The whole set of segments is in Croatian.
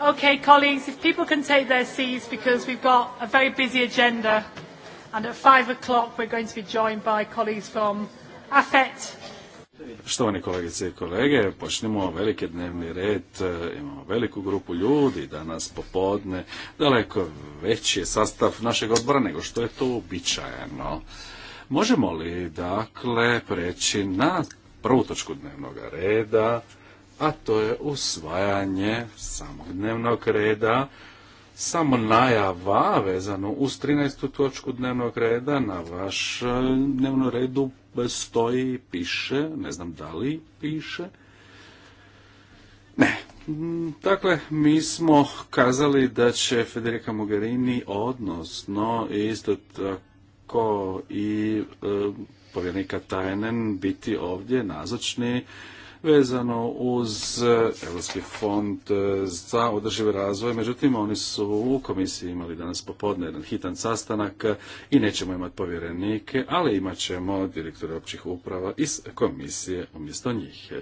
Okay, colleagues, if people can take their seats because we've got a very busy agenda and at five o'clock we're going to be joined by colleagues from AFET. Štovani kolegice i kolege, počnemo veliki dnevni red, e, imamo veliku grupu ljudi danas popodne, daleko veći je sastav našeg odbora nego što je to uobičajeno. Možemo li dakle preći na prvu točku dnevnog reda, a to je usvajanje samog dnevnog reda, samo najava vezano uz 13. točku dnevnog reda na vaš e, dnevnom redu stoji, piše, ne znam da li piše. Ne, mm, Dakle, mi smo kazali da će Federica Mogherini, odnosno isto tako i e, povjerenika Tajnen biti ovdje nazočni vezano uz e, Europski fond e, za održivi razvoj. Međutim, oni su u komisiji imali danas popodne jedan hitan sastanak e, i nećemo imati povjerenike, ali imat ćemo direktore općih uprava iz komisije umjesto njih.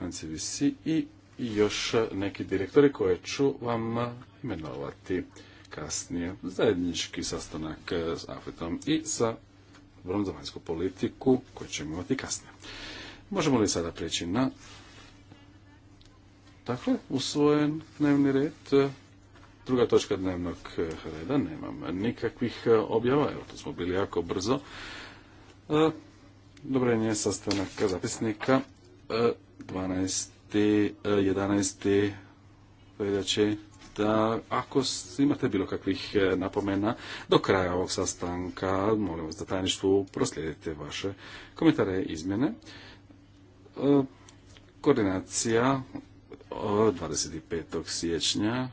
NCVC i još neki direktori koje ću vam imenovati kasnije zajednički sastanak s Afritom i sa odborom za vanjsku politiku koju ćemo imati kasnije. Možemo li sada prijeći na dakle, usvojen dnevni red, druga točka dnevnog reda, nemam nikakvih e, objava, evo to smo bili jako brzo. E, Dobrenje sastanak zapisnika 12. E, 11. veljače da ako imate bilo kakvih e, napomena do kraja ovog sastanka, molim vas da tajništvu proslijedite vaše komentare i izmjene. E, koordinacija 25. siječnja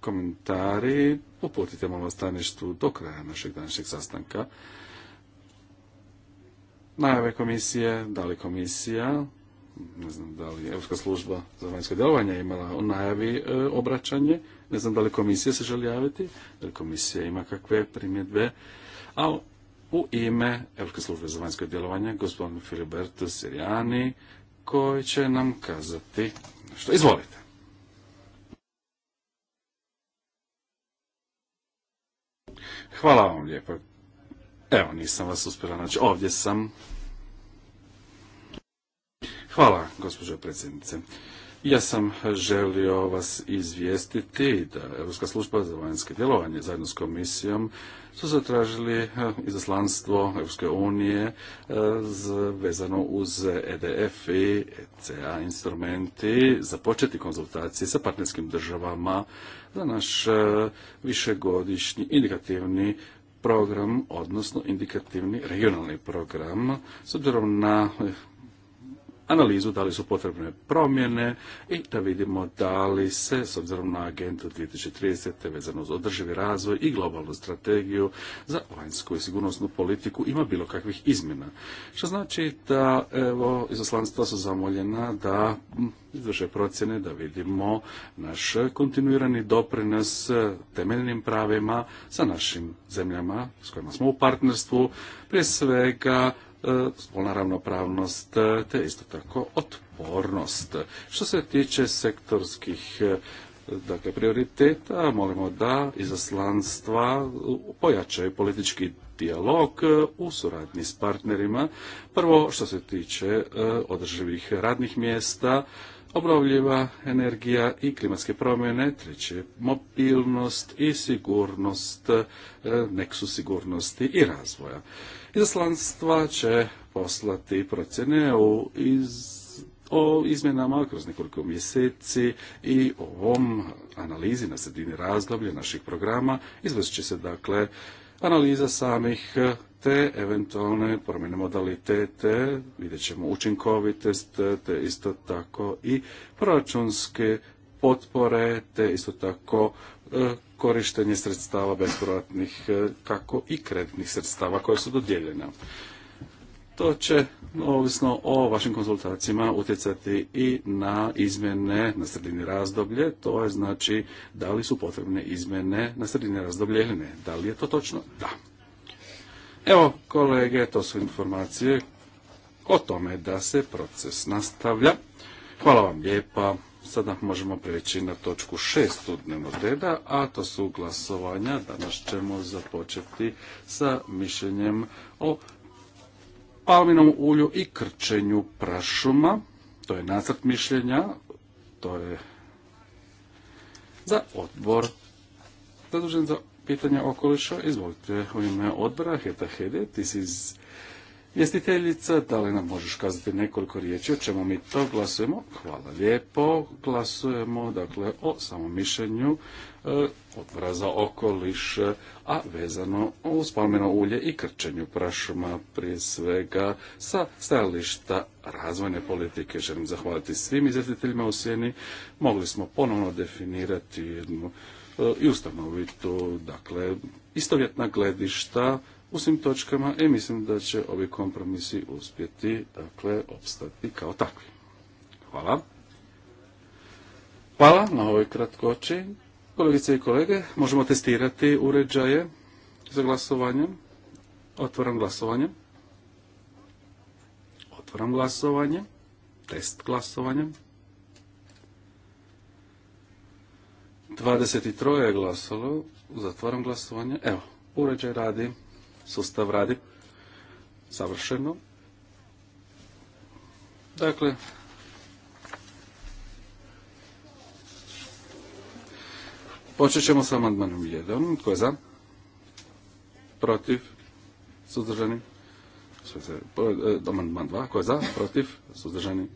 komentari uputite vas, tajništvu do kraja našeg današnjeg sastanka. Najave komisije, da li komisija ne znam da li Europska služba za vanjsko djelovanje imala u najavi e, obraćanje, ne znam da li komisija se želi javiti, da li komisija ima kakve primjedbe, a u ime Europske službe za vanjsko djelovanje gospodin Filiberto Sirijani koji će nam kazati što izvolite. Hvala vam lijepo. Evo, nisam vas uspjela naći. Ovdje sam. Hvala, gospođo predsjednice. Ja sam želio vas izvijestiti da Europska služba za vanjske djelovanje zajedno s komisijom su zatražili eh, izaslanstvo Europske unije eh, vezano uz EDF i ECA instrumenti za početi konzultacije sa partnerskim državama za naš eh, višegodišnji indikativni program, odnosno indikativni regionalni program, s obzirom na analizu da li su potrebne promjene i da vidimo da li se, s obzirom na agendu 2030. vezano za održivi razvoj i globalnu strategiju za vanjsku i sigurnosnu politiku ima bilo kakvih izmjena. Što znači da evo, izaslanstva su zamoljena da izvrše procjene da vidimo naš kontinuirani doprinos temeljnim pravima sa našim zemljama s kojima smo u partnerstvu, prije svega E, spolna ravnopravnost e, te isto tako otpornost. Što se tiče sektorskih e, dakle, prioriteta, molimo da izaslanstva pojačaju politički dijalog u suradnji s partnerima. Prvo što se tiče održivih radnih mjesta, obnovljiva energija i klimatske promjene, treće mobilnost i sigurnost, neksu sigurnosti i razvoja. Izaslanstva će poslati procjene iz o izmjenama kroz nekoliko mjeseci i o ovom analizi na sredini razdoblja naših programa izvršit će se dakle analiza samih te eventualne promjene modalitete, vidjet ćemo učinkovitost, te isto tako i proračunske potpore, te isto tako e, korištenje sredstava bespovratnih e, kako i kreditnih sredstava koje su dodijeljena. To će, ovisno o vašim konzultacijama, utjecati i na izmjene na sredini razdoblje. To je znači da li su potrebne izmjene na sredini razdoblje ili ne. Da li je to točno? Da. Evo, kolege, to su informacije o tome da se proces nastavlja. Hvala vam lijepa. Sada možemo preći na točku šestu dnevnog reda, a to su glasovanja. Danas ćemo započeti sa mišljenjem o palminom ulju i krčenju prašuma. To je nacrt mišljenja, to je za odbor zadužen za pitanja okoliša. Izvolite u ime odbora Heta Hede, ti iz Vjestiteljica, da li nam možeš kazati nekoliko riječi o čemu mi to glasujemo? Hvala lijepo. Glasujemo dakle o samom mišljenju e, odbora za okoliš, a vezano uz spomenu ulje i krčenju prašuma prije svega sa stajališta razvojne politike. Želim zahvaliti svim izvjestiteljima u sjeni. Mogli smo ponovno definirati jednu e, i ustanovitu, dakle, istovjetna gledišta u svim točkama i mislim da će ovi kompromisi uspjeti, dakle, opstati kao takvi. Hvala. Hvala na ovoj kratkoći. Kolegice i kolege, možemo testirati uređaje za glasovanje. Otvaram glasovanje. Otvaram glasovanje. Test glasovanja. 23 je glasalo. Zatvaram glasovanje. Evo, uređaj radi sustav radi savršeno. Dakle, počet ćemo sa amandmanom 1. E, Tko je za? Protiv? Suzdržani? Amandman 2. Tko je za? Protiv? Suzdržani?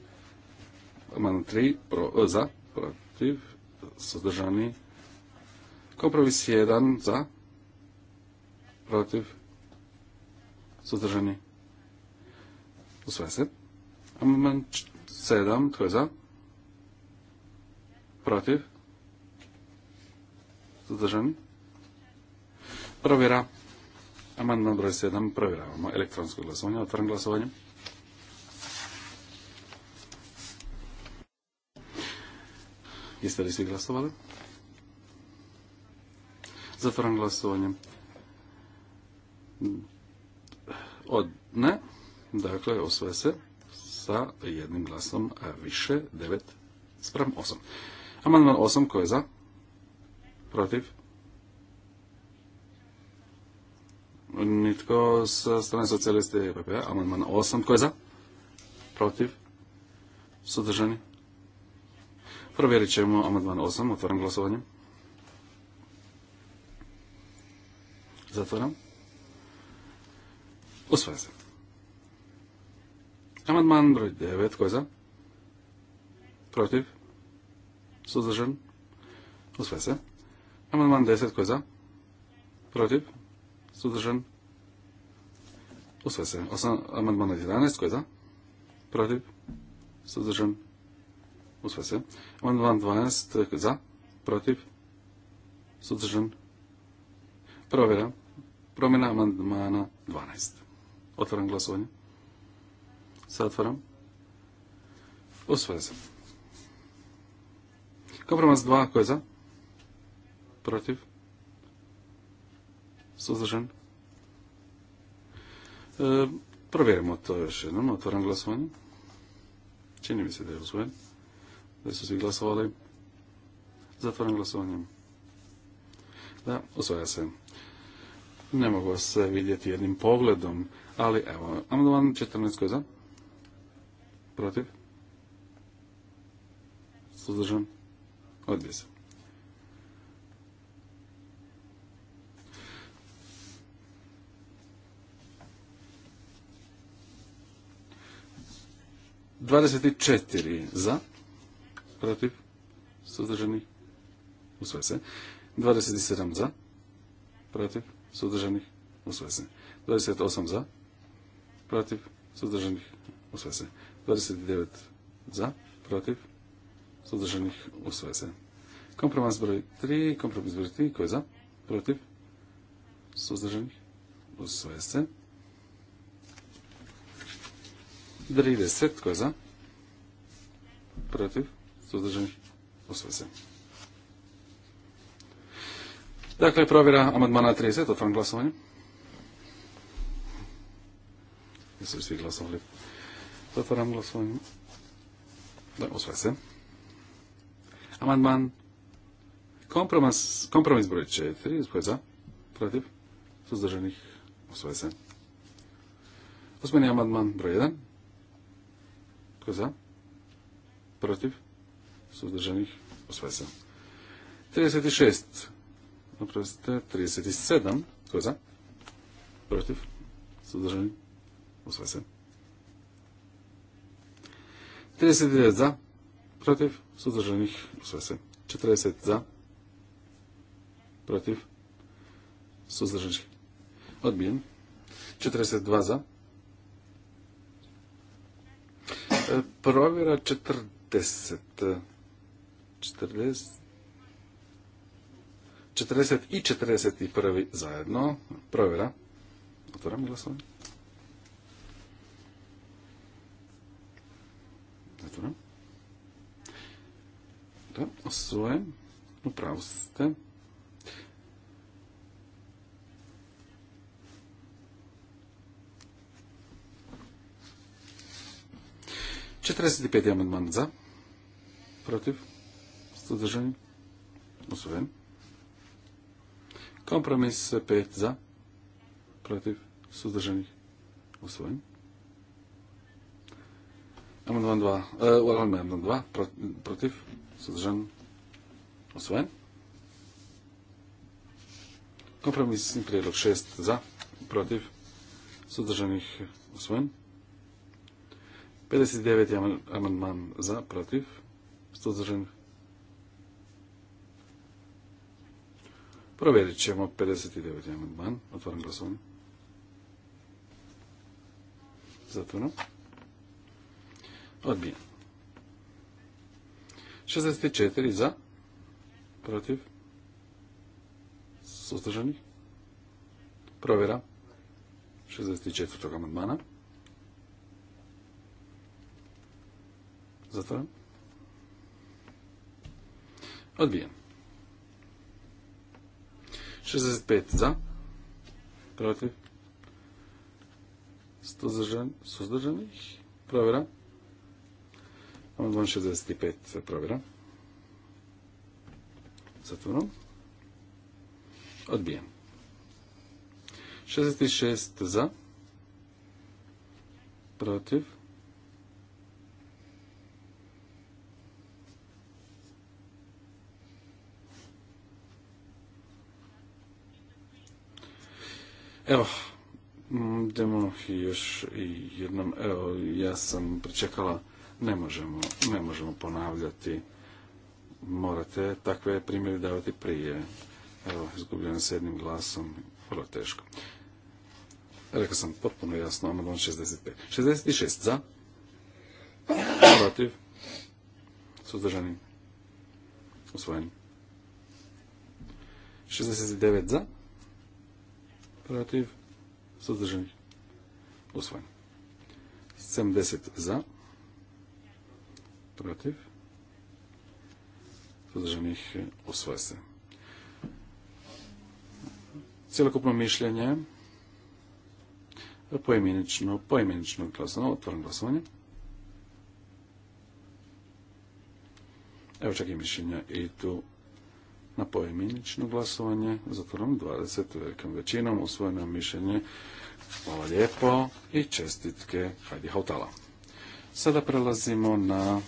Amandman 3. Pro, e, za? Protiv? Suzdržani? Kompromis 1. Za? Protiv? Suzdržani? U se. Amandman 7. Tko je za? Protiv? Suzdržani? Provjera. Amandman broj 7. Provjeravamo elektronsko glasovanje. Otvaram glasovanje. Jeste li svi glasovali? Zatvaram glasovanje. Od ne, dakle, osvoje se sa jednim glasom više, 9 sprem 8. Amandman 8, ko je za? Protiv? Nitko sa strane socijaliste i EPP. Amandman 8, ko je za? Protiv? Sudržani? Provjerit ćemo amandman 8, otvaram glasovanje. Zatvaram. Usvaja se. Amandman broj 9. ko je za? Protiv? Suzdržan? u se. Amandman 10. ko je za? Protiv? Suzdržan? Usvaja se. Amandman 11. ko je za? Protiv? Suzdržan? u se. Amandman 12. Za? Protiv? Suzdržan? Provjera. Promjena amandmana 12. Otvaram glasovanje. Zatvaram. Usvaja se. Kompromis dva ko je za? Protiv? Suzdržan? E, provjerimo to još jednom. Otvaram glasovanje. Čini mi se da je usvojen. Da su svi glasovali. Zatvaram glasovanje. Da, usvaja se. Ne mogu se vidjeti jednim pogledom. Ali evo, amandman 14 koji je za? Protiv? Suzdržan? Odbije se. Dvadeset četiri za, protiv, suzdržani, usvoje se. Dvadeset sedam za, protiv, suzdržani, usvoje se. Dvadeset osam za, protiv, suzdržanih, usvaja se. 29 za, protiv, suzdržanih, usvaja se. Kompromis broj 3, kompromis broj 3, koji je za, protiv, suzdržanih, usvaja se. 30, koji je za, protiv, suzdržanih, usvaja se. Dakle, provjera amadmana 30, otvoram glasovanje. Nisu svi glasovali. Zatvaram glasovanje. Da, osvaj se. Amandman. Kompromis, kompromis broj četiri. Tko za? Protiv? Suzdržanih? Osvaj se. Osmeni amandman broj jedan. Tko za? Protiv? Suzdržanih? Osvaj se. 36. Napravite. 37. Tko za? Protiv? Suzdržanih? uzvese. 39 za. Protiv. Suzdržanih. uzvese. se. 40 za. Protiv. Suzdržanih. Odbijen. 42 za. E, provjera 40. 40. 40 i 41 zajedno. Provjera. Otvaram glasovanje. Da, osvojen. Upravo ste. Četrdeset peti amandman za. Protiv. Sudržanje. Osvojen. Kompromis 5 za. Protiv. Suzdržanih. Osvojen. Amandman 2. E, amandman 2. Protiv. Suzdržan? Osvojen? Kompromisni prijedlog 6 za, protiv, suzdržanih osvojen. 59. amandman za, protiv, suzdržanih. Provjerit ćemo 59. amandman. Otvaram glasovanje. Zatvorno. Odbijan. 64 za, protiv, Suzdržanih? provjera 64. amandmana. Zatvaram. Odbijen. 65 za, protiv, suzdržanih, provjera Amandman 65 e, provjera. Zatvorno. Odbijen. 66 za. Protiv. Evo, mm, idemo još jednom, evo, ja sam pričekala ne možemo, ne možemo ponavljati. Morate takve primjere davati prije. Evo, izgubljeno s jednim glasom, vrlo teško. Rekao sam potpuno jasno, amandman 65. 66 za, protiv, suzdržani, usvojeni. 69 za, protiv, suzdržani, usvojeni 70 za, protiv, suzdržanih osvoje e, se. Cijelokupno mišljenje e, poimenično, poimenično glasovanje, otvoreno glasovanje. Evo čak i mišljenja i tu na poimenično glasovanje, zatvorom 20 velikom većinom, usvojeno mišljenje. Hvala lijepo i čestitke Hajdi Hautala. Sada prelazimo na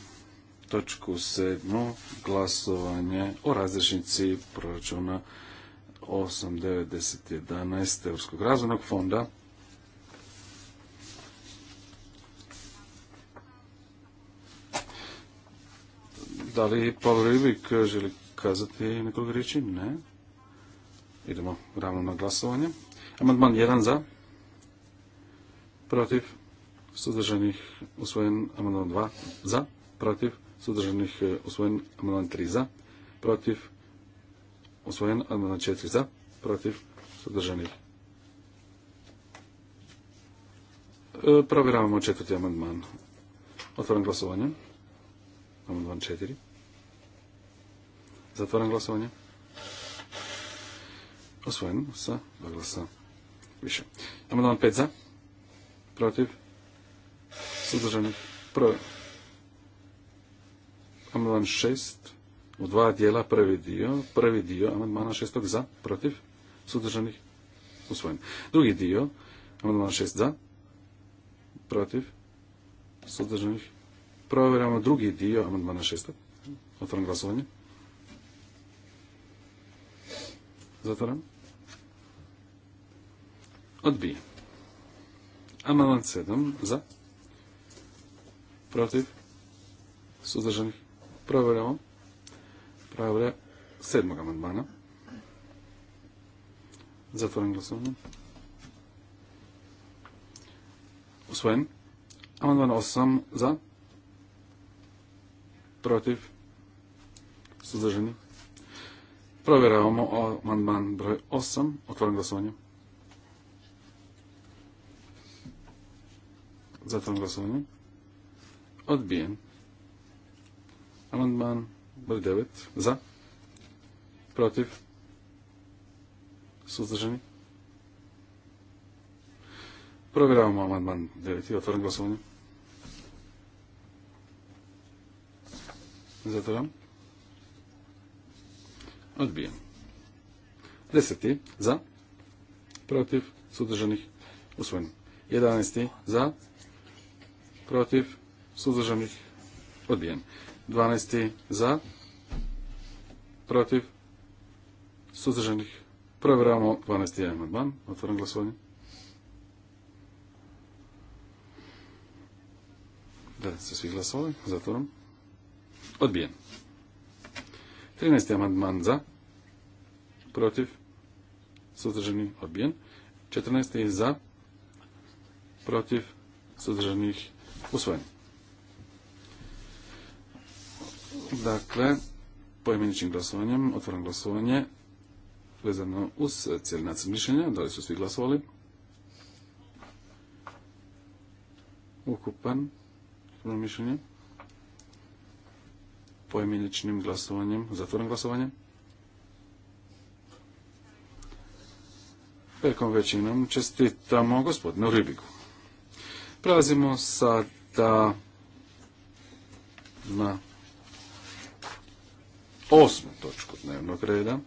točku sedmu, glasovanje o razrešnici proračuna 8, 9, jedanaest Europskog razvojnog fonda. Da li paul Rivik želi kazati nekoliko riječi? Ne. Idemo ravno na glasovanje. Amandman 1 za. Protiv. Suzdržanih usvojen amandman 2 za. Protiv suzdržanih osvojen e, amandman 3 za, protiv usvojen amandman 4 za, protiv suzdržanih. E, provjeravamo četvrti amandman. Otvoren glasovanje. Amandman 4. Zatvoren glasovanje. Osvojen sa dva glasa više. Amandman 5 za, protiv, suzdržanih, provjeravamo amandman šest u dva dijela, prvi dio, prvi dio amandmana 6 za, protiv, sudržanih, usvojen. Drugi dio, amandmana šest za, protiv, sudržanih, provjeramo drugi dio amandmana 6. Otvaram glasovanje. Zatvaram. Odbijem. Amandman sedam za, protiv, sudržanih. Provjeramo pravile sedmog amandmana. Zatvoren glasovanje. Usvojen. Amandman osam za. Protiv. Suzdržani. Provjeravamo amandman broj osam. Otvoren glasovanje. Zatvoren glasovanje. Odbijen. Amandman broj 9. Za. Protiv. Suzdržani. Provjeravamo amandman 9. Otvoren glasovanje. Zatvoram. Odbijen. Deseti. Za. Protiv. Suzdržanih. Usvojen. Jedanesti. Za. Protiv. Suzdržanih. Odbijen. 12. za, protiv, suzdržanih. Provjeravamo 12. amandman. Otvoram glasovanje. Da se svi glasovali. Zatvoram. Odbijen. 13. amandman za, protiv, suzdržani, odbijen. 14. za, protiv, suzdržanih, usvojeni. Dakle, pojmeničnim glasovanjem, otvoram glasovanje vezano uz cijeli mišljenja. Da li su svi glasovali? Ukupan otvoram mišljenje. poimeničnim glasovanjem, zatvoram glasovanje. Velikom većinom čestitamo gospodinu Ribiku. Prelazimo sada na osmu točku dnevnog reda.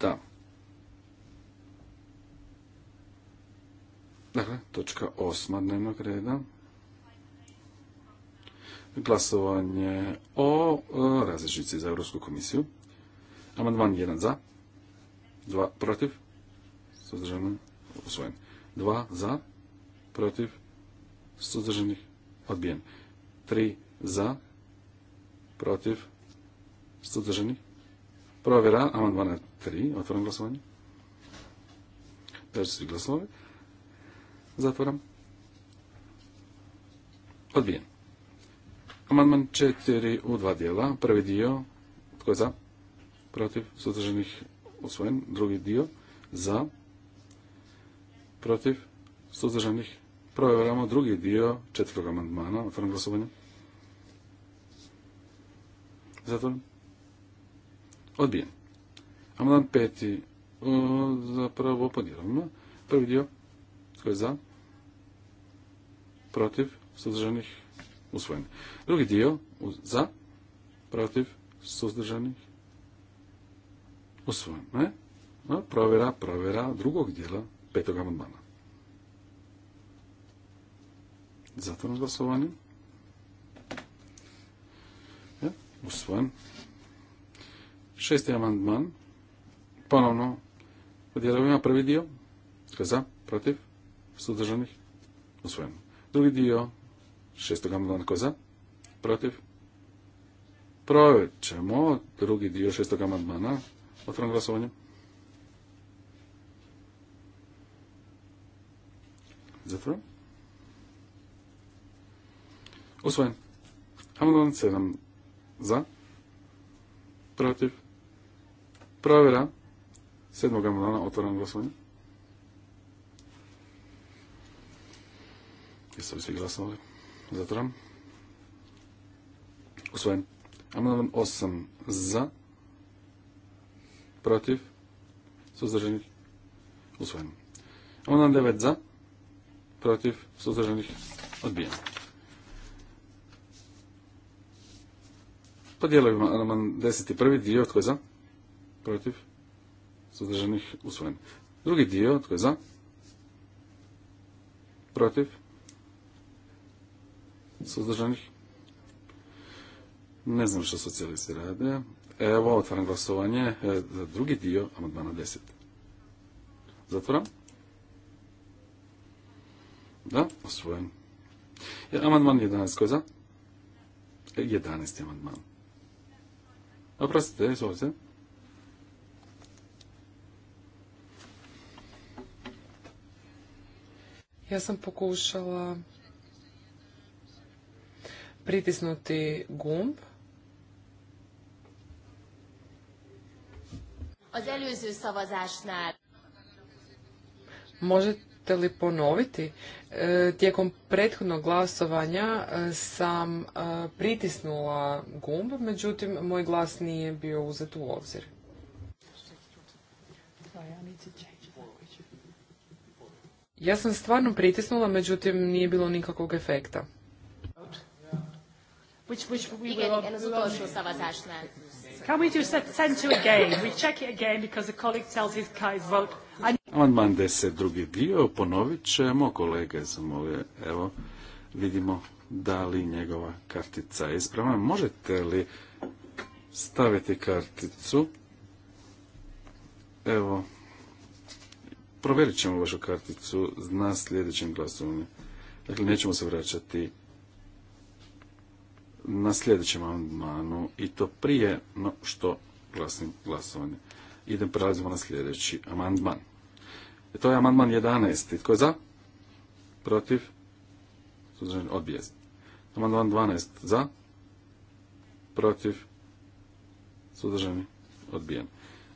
Da. Dakle, točka osma dnevnog reda. Glasovanje o e, različnici za Europsku komisiju. Amandman 1 za, 2 protiv, suzdržano, usvojen. 2 za, protiv, suzdržanih, odbijen. 3 za, protiv, suzdržani. Provjera amandmana 3, otvoram glasovanje. Da svi glasovi. Zatvoram. Odbijen. Amandman 4 u dva dijela. Prvi dio, tko je za? Protiv, suzdržanih, usvojen. Drugi dio, za, protiv, suzdržanih, provjeramo drugi dio četvrtog amandmana, otvoram glasovanje. Zato odbijen. Amandman peti o, zapravo podijelimo. Prvi dio koji je za, protiv, suzdržanih, usvojen. Drugi dio za, protiv, suzdržanih, usvojen. Ne? provjera, drugog dijela petog amandmana. Zatvorno glasovanje. usvojen. Šesti amandman, ponovno u prvi dio, za, protiv, sudržanih, usvojen. Drugi dio, šestog amandmana, tko za, protiv, provjet ćemo drugi dio šestog amandmana, otvorom glasovanje. zatvoro Usvojen. Amandman 7 za? Protiv? Provjera. Sedmog amandmana otvoram glasovanje. Jeste li svi glasovali? Zatvoram. Usvojen. Amandman 8 za. Protiv. Suzdržanih. Usvojen. Amandman 9 za. Protiv. Suzdržanih. Odbijen. Podijelujemo amandman prvi dio, tko je za? Protiv? Suzdržanih usvojen. Drugi dio, tko je za? Protiv? Suzdržanih? Ne znam što socijalisti rade. Evo, otvaram glasovanje e, za drugi dio amandmana deset. Zatvoram. Da, osvojen. amandman 11, ko je za? 11. E, amandman. Oprostite, izvolite. Ja sam pokušala pritisnuti gumb. Az előző szavazásnál. Možete možete ponoviti? E, tijekom prethodnog glasovanja e, sam e, pritisnula gumb, međutim moj glas nije bio uzet u obzir. Ja sam stvarno pritisnula, međutim nije bilo nikakvog efekta. Can we do Amandman 10, drugi dio, ponovit ćemo, kolege zamolio. evo, vidimo da li njegova kartica je ispravna. Možete li staviti karticu? Evo, provjerit ćemo vašu karticu na sljedećem glasovanju. Dakle, nećemo se vraćati na sljedećem amandmanu i to prije što glasim glasovanje. Idem, prelazimo na sljedeći amandman. E, to je amandman 11. Tko je za? Protiv? Suzdržani? Odbije Amandman 12. Za? Protiv? Suzdržani? Odbijen.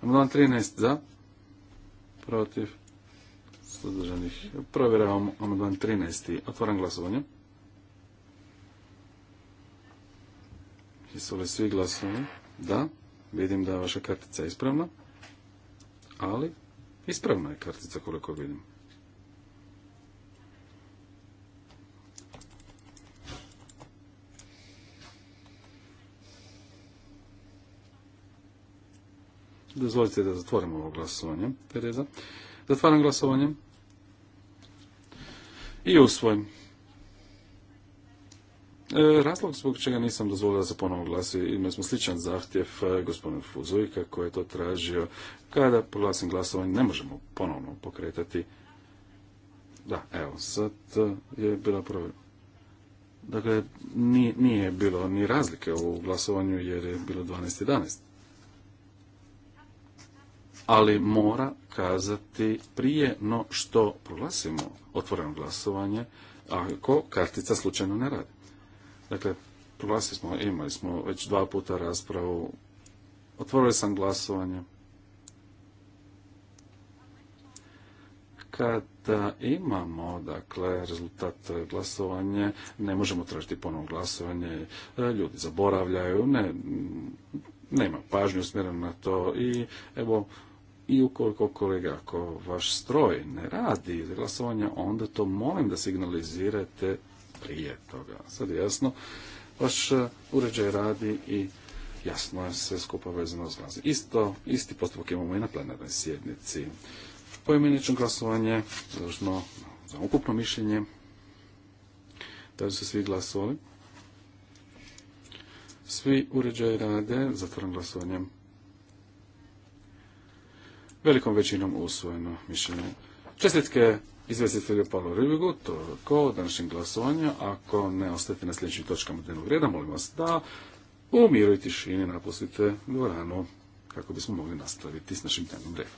Amandman 13. Za? Protiv? Suzdržanih. Provjeravamo amandman 13. Otvaram glasovanje. Jesu li svi glasovani? Da. Vidim da je vaša kartica ispravna. Ali Ispravna je kartica koliko vidim. Dozvolite da zatvorimo ovo glasovanje, Tereza. Zatvaram glasovanje i usvojim. E, razlog zbog čega nisam dozvolio da se ponovno glasi, imali smo sličan zahtjev e, gospodinu Fuzujka koji je to tražio. Kada proglasim glasovanje ne možemo ponovno pokretati. Da, evo, sad je bila prva. Dakle, nije, nije bilo ni razlike u glasovanju jer je bilo 12.11. Ali mora kazati prije no što proglasimo otvoreno glasovanje ako kartica slučajno ne radi. Dakle, proglasili smo, imali smo već dva puta raspravu, otvorili sam glasovanje. Kada imamo, dakle, rezultat glasovanje, ne možemo tražiti ponovno glasovanje, e, ljudi zaboravljaju, ne, nema pažnju usmjerenu na to i evo, i ukoliko kolega, ako vaš stroj ne radi za glasovanje, onda to molim da signalizirate prije toga. Sad je jasno, vaš e, uređaj radi i jasno je sve skupa vezano s Isto, isti postupak imamo i na plenarnoj sjednici. pojedinačno glasovanje, za ukupno mišljenje. Da su svi glasovali? Svi uređaji rade, zatvoren glasovanjem. Velikom većinom usvojeno mišljenje. Čestitke je Paolo Rivigu, toliko današnjeg glasovanja. Ako ne ostajete na sljedećim točkama dnevnog reda, molim vas da u miru i tišini napustite dvoranu kako bismo mogli nastaviti s našim dnevnim redom.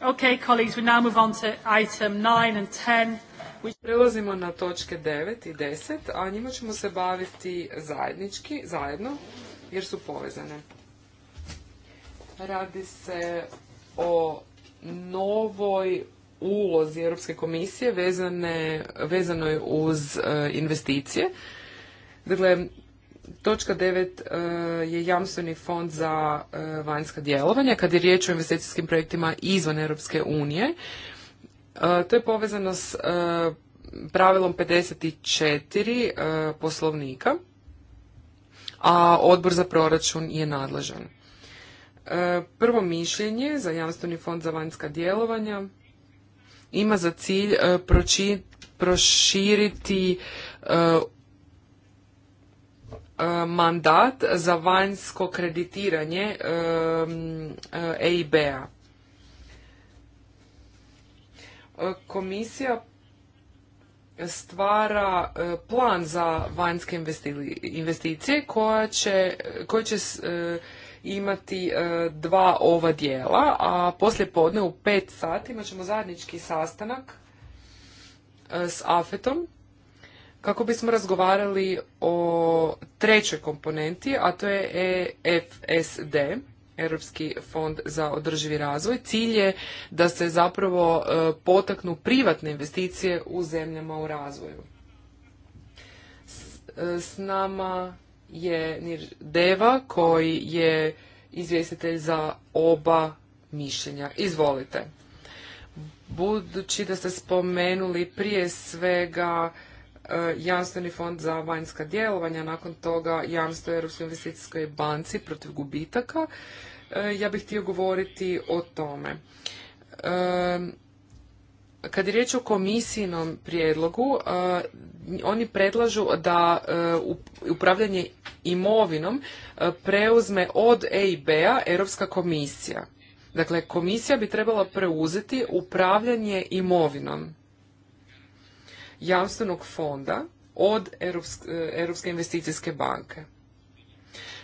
Okay, colleagues, we now move on to item 9 and 10. Prelazimo na točke 9 i 10, a njima ćemo se baviti zajednički, zajedno, jer su povezane. Radi se o novoj ulozi Europske komisije vezane, vezanoj uz e, investicije. Dakle, Točka 9 e, je jamstveni fond za e, vanjska djelovanja. Kad je riječ o investicijskim projektima izvan Europske unije, e, to je povezano s pravilom 54 poslovnika, a odbor za proračun je nadležan. Prvo mišljenje za jamstveni fond za vanjska djelovanja ima za cilj proširiti Eh, mandat za vanjsko kreditiranje EIB-a. Eh, e eh, komisija stvara plan za vanjske investicije koja će, će imati dva ova dijela, a poslije podne u pet sati imat ćemo zajednički sastanak s AFET-om kako bismo razgovarali o trećoj komponenti, a to je EFSD, Europski fond za održivi razvoj. Cilj je da se zapravo e, potaknu privatne investicije u zemljama u razvoju. E, s, nama je Nir Deva koji je izvjestitelj za oba mišljenja. Izvolite. Budući da ste spomenuli prije svega E, jamstveni fond za vanjska djelovanja, nakon toga jamstvo Europskoj investicijskoj banci protiv gubitaka. E, ja bih htio govoriti o tome. E, kad je riječ o komisijnom prijedlogu, oni predlažu da upravljanje imovinom preuzme od EIB-a Europska komisija. Dakle, komisija bi trebala preuzeti upravljanje imovinom jamstvenog fonda od e, Europske investicijske banke.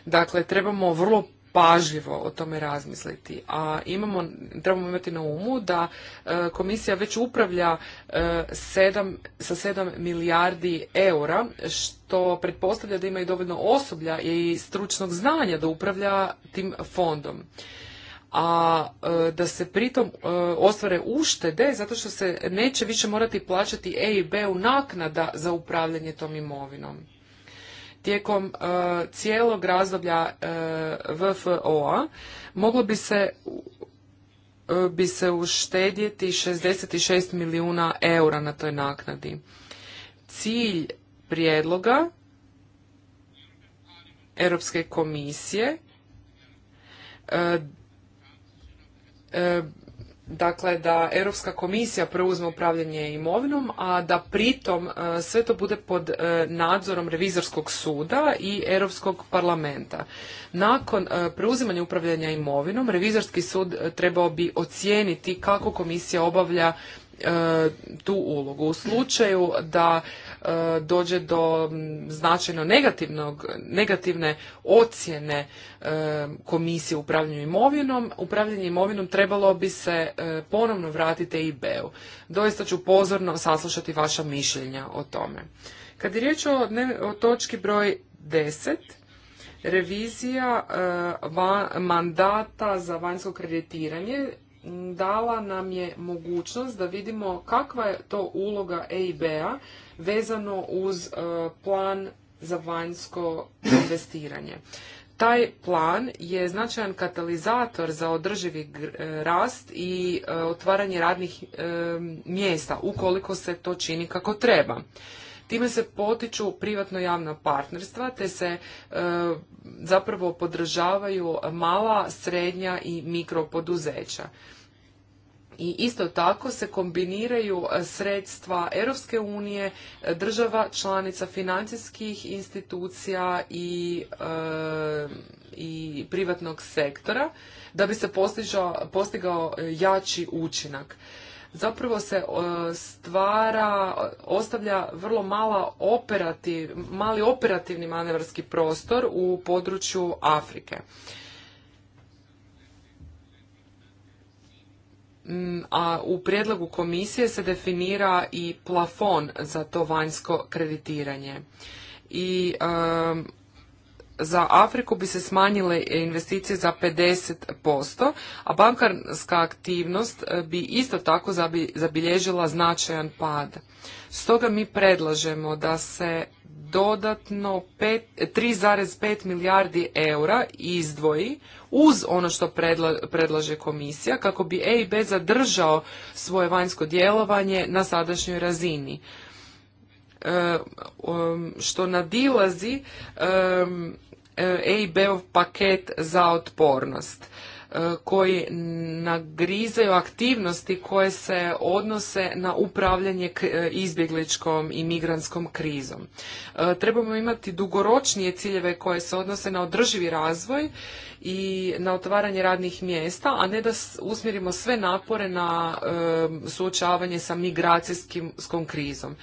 Dakle, trebamo vrlo pažljivo o tome razmisliti, a imamo, trebamo imati na umu da e, komisija već upravlja e, sedam, sa milijardi eura, što pretpostavlja da ima i dovoljno osoblja i stručnog znanja da upravlja tim fondom a e, da se pritom e, ostvare uštede zato što se neće više morati plaćati E i B u naknada za upravljanje tom imovinom. Tijekom e, cijelog razdoblja VFO-a moglo bi se bi se uštedjeti 66 milijuna eura na toj naknadi. Cilj prijedloga Europske komisije E, dakle da Europska komisija preuzme upravljanje imovinom, a da pritom e, sve to bude pod e, nadzorom revizorskog suda i Europskog parlamenta. Nakon preuzimanja upravljanja imovinom, revizorski sud trebao bi ocijeniti kako komisija obavlja tu ulogu. U slučaju da E, dođe do značajno negativnog, negativne ocjene e, komisije upravljanju imovinom, upravljanje imovinom trebalo bi se e, ponovno vratiti EIB-u. Doista ću pozorno saslušati vaša mišljenja o tome. Kad je riječ o, točki broj 10, revizija va, mandata za vanjsko kreditiranje dala nam je mogućnost da vidimo kakva je to uloga EIB-a vezano uz e, plan za vanjsko investiranje. Taj plan je značajan katalizator za održivi e, rast i e, otvaranje radnih mjesta ukoliko se to čini kako treba. Time se potiču privatno javna partnerstva te se zapravo podržavaju mala, srednja i mikro poduzeća i isto tako se kombiniraju e, sredstva Europske unije, e, država članica, financijskih institucija e, i, privatnog sektora da bi se postigao jači učinak. Zapravo se stvara, ostavlja vrlo mala mali operativni manevarski prostor u području Afrike. Mm, a u prijedlogu komisije se definira i plafon za to vanjsko kreditiranje. I za Afriku bi se smanjile investicije za 50%, a bankarska aktivnost eh, bi isto tako zabilježila značajan pad. Stoga mi predlažemo da se dodatno 3,5 milijardi eura izdvoji uz ono što predla, predlaže komisija kako bi EIB zadržao svoje vanjsko djelovanje na sadašnjoj razini e, um, što nadilazi um, EIB-ov paket za otpornost. E, koji nagrizaju aktivnosti koje se odnose na upravljanje e, izbjegličkom i migrantskom krizom. E, trebamo imati dugoročnije ciljeve koje se odnose na održivi razvoj i na otvaranje radnih mjesta, a ne da usmjerimo sve napore na suočavanje sa migracijskom krizom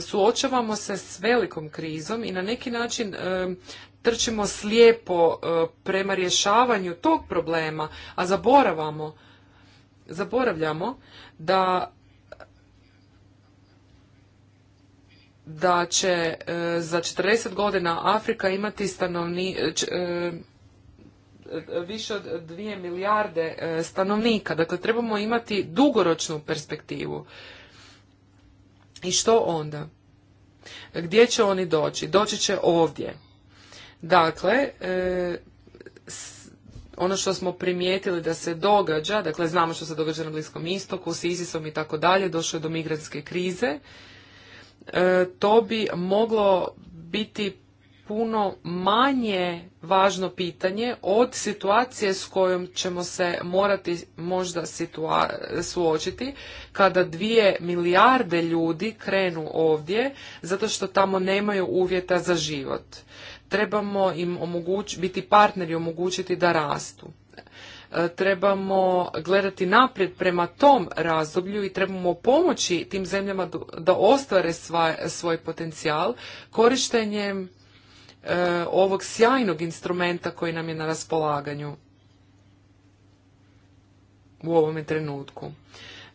suočavamo se s velikom krizom i na neki način trčimo slijepo e, prema rješavanju tog problema, a zaboravamo, zaboravljamo da da će e, za 40 godina Afrika imati stanovni, e, više od 2 milijarde stanovnika. Dakle, trebamo imati dugoročnu perspektivu. I što onda? Gdje će oni doći? Doći će ovdje. Dakle, e, ono što smo primijetili da se događa, dakle znamo što se događa na Bliskom istoku, s ISISom i tako dalje, došlo je do migrantske krize, e, to bi moglo biti puno manje važno pitanje od situacije s kojom ćemo se morati možda suočiti kada dvije milijarde ljudi krenu ovdje zato što tamo nemaju uvjeta za život. Trebamo im omogući, biti partneri omogućiti da rastu. E, trebamo gledati naprijed prema tom razdoblju i trebamo pomoći tim zemljama da ostvare svoj potencijal korištenjem e, ovog sjajnog instrumenta koji nam je na raspolaganju u ovome trenutku.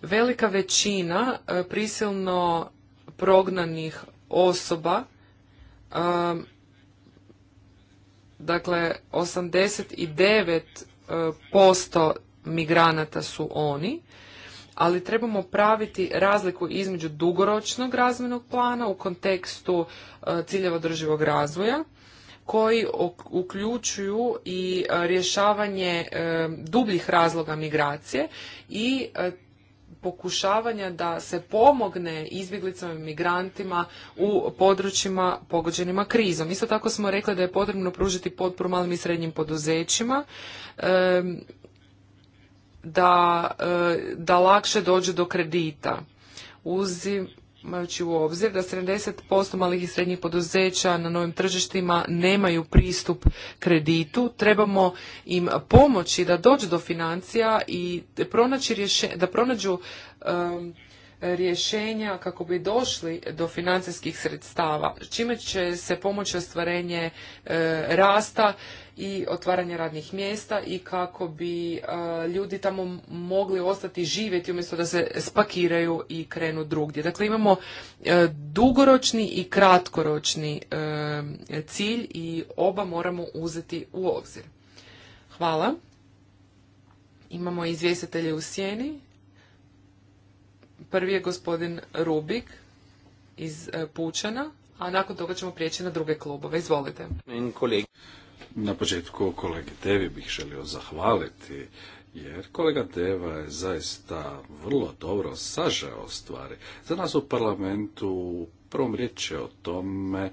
Velika većina e, prisilno prognanih osoba Dakle, 89% e, migranata su oni, ali trebamo praviti razliku između dugoročnog razvojnog plana u kontekstu e, ciljeva održivog razvoja koji uključuju i e, rješavanje dubljih razloga migracije i pokušavanja da se pomogne izbjeglicama i migrantima u područjima pogođenima krizom. Isto tako smo rekli da je potrebno pružiti potporu malim i srednjim poduzećima da, e, da lakše dođe do kredita. Uzim, imajući u obzir da 70% malih i srednjih poduzeća na novim tržištima nemaju pristup kreditu, trebamo im pomoći da dođu do financija i da pronađu um, rješenja kako bi došli do financijskih sredstava, čime će se pomoći ostvarenje uh, rasta i otvaranje radnih mjesta i kako bi e, ljudi tamo mogli ostati živjeti umjesto da se spakiraju i krenu drugdje. Dakle, imamo e, dugoročni i kratkoročni e, cilj i oba moramo uzeti u obzir. Hvala. Imamo izvjestitelje u sjeni. Prvi je gospodin Rubik iz Pučana, a nakon toga ćemo prijeći na druge klubove. Izvolite. Na početku kolege Devi bih želio zahvaliti jer kolega Deva je zaista vrlo dobro sažao stvari. Za nas u parlamentu u prvom riječ je o tome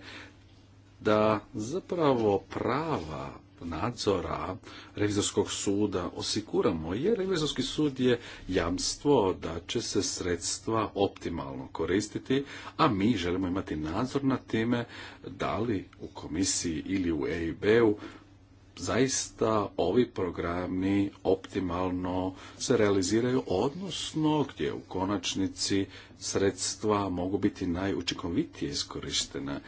da zapravo prava nadzora revizorskog suda osiguramo, jer revizorski sud je jamstvo da će se sredstva optimalno koristiti, a mi želimo imati nadzor na time da li u komisiji ili u EIB-u zaista ovi programi optimalno se realiziraju, odnosno gdje u konačnici sredstva mogu biti najučinkovitije iskorištena.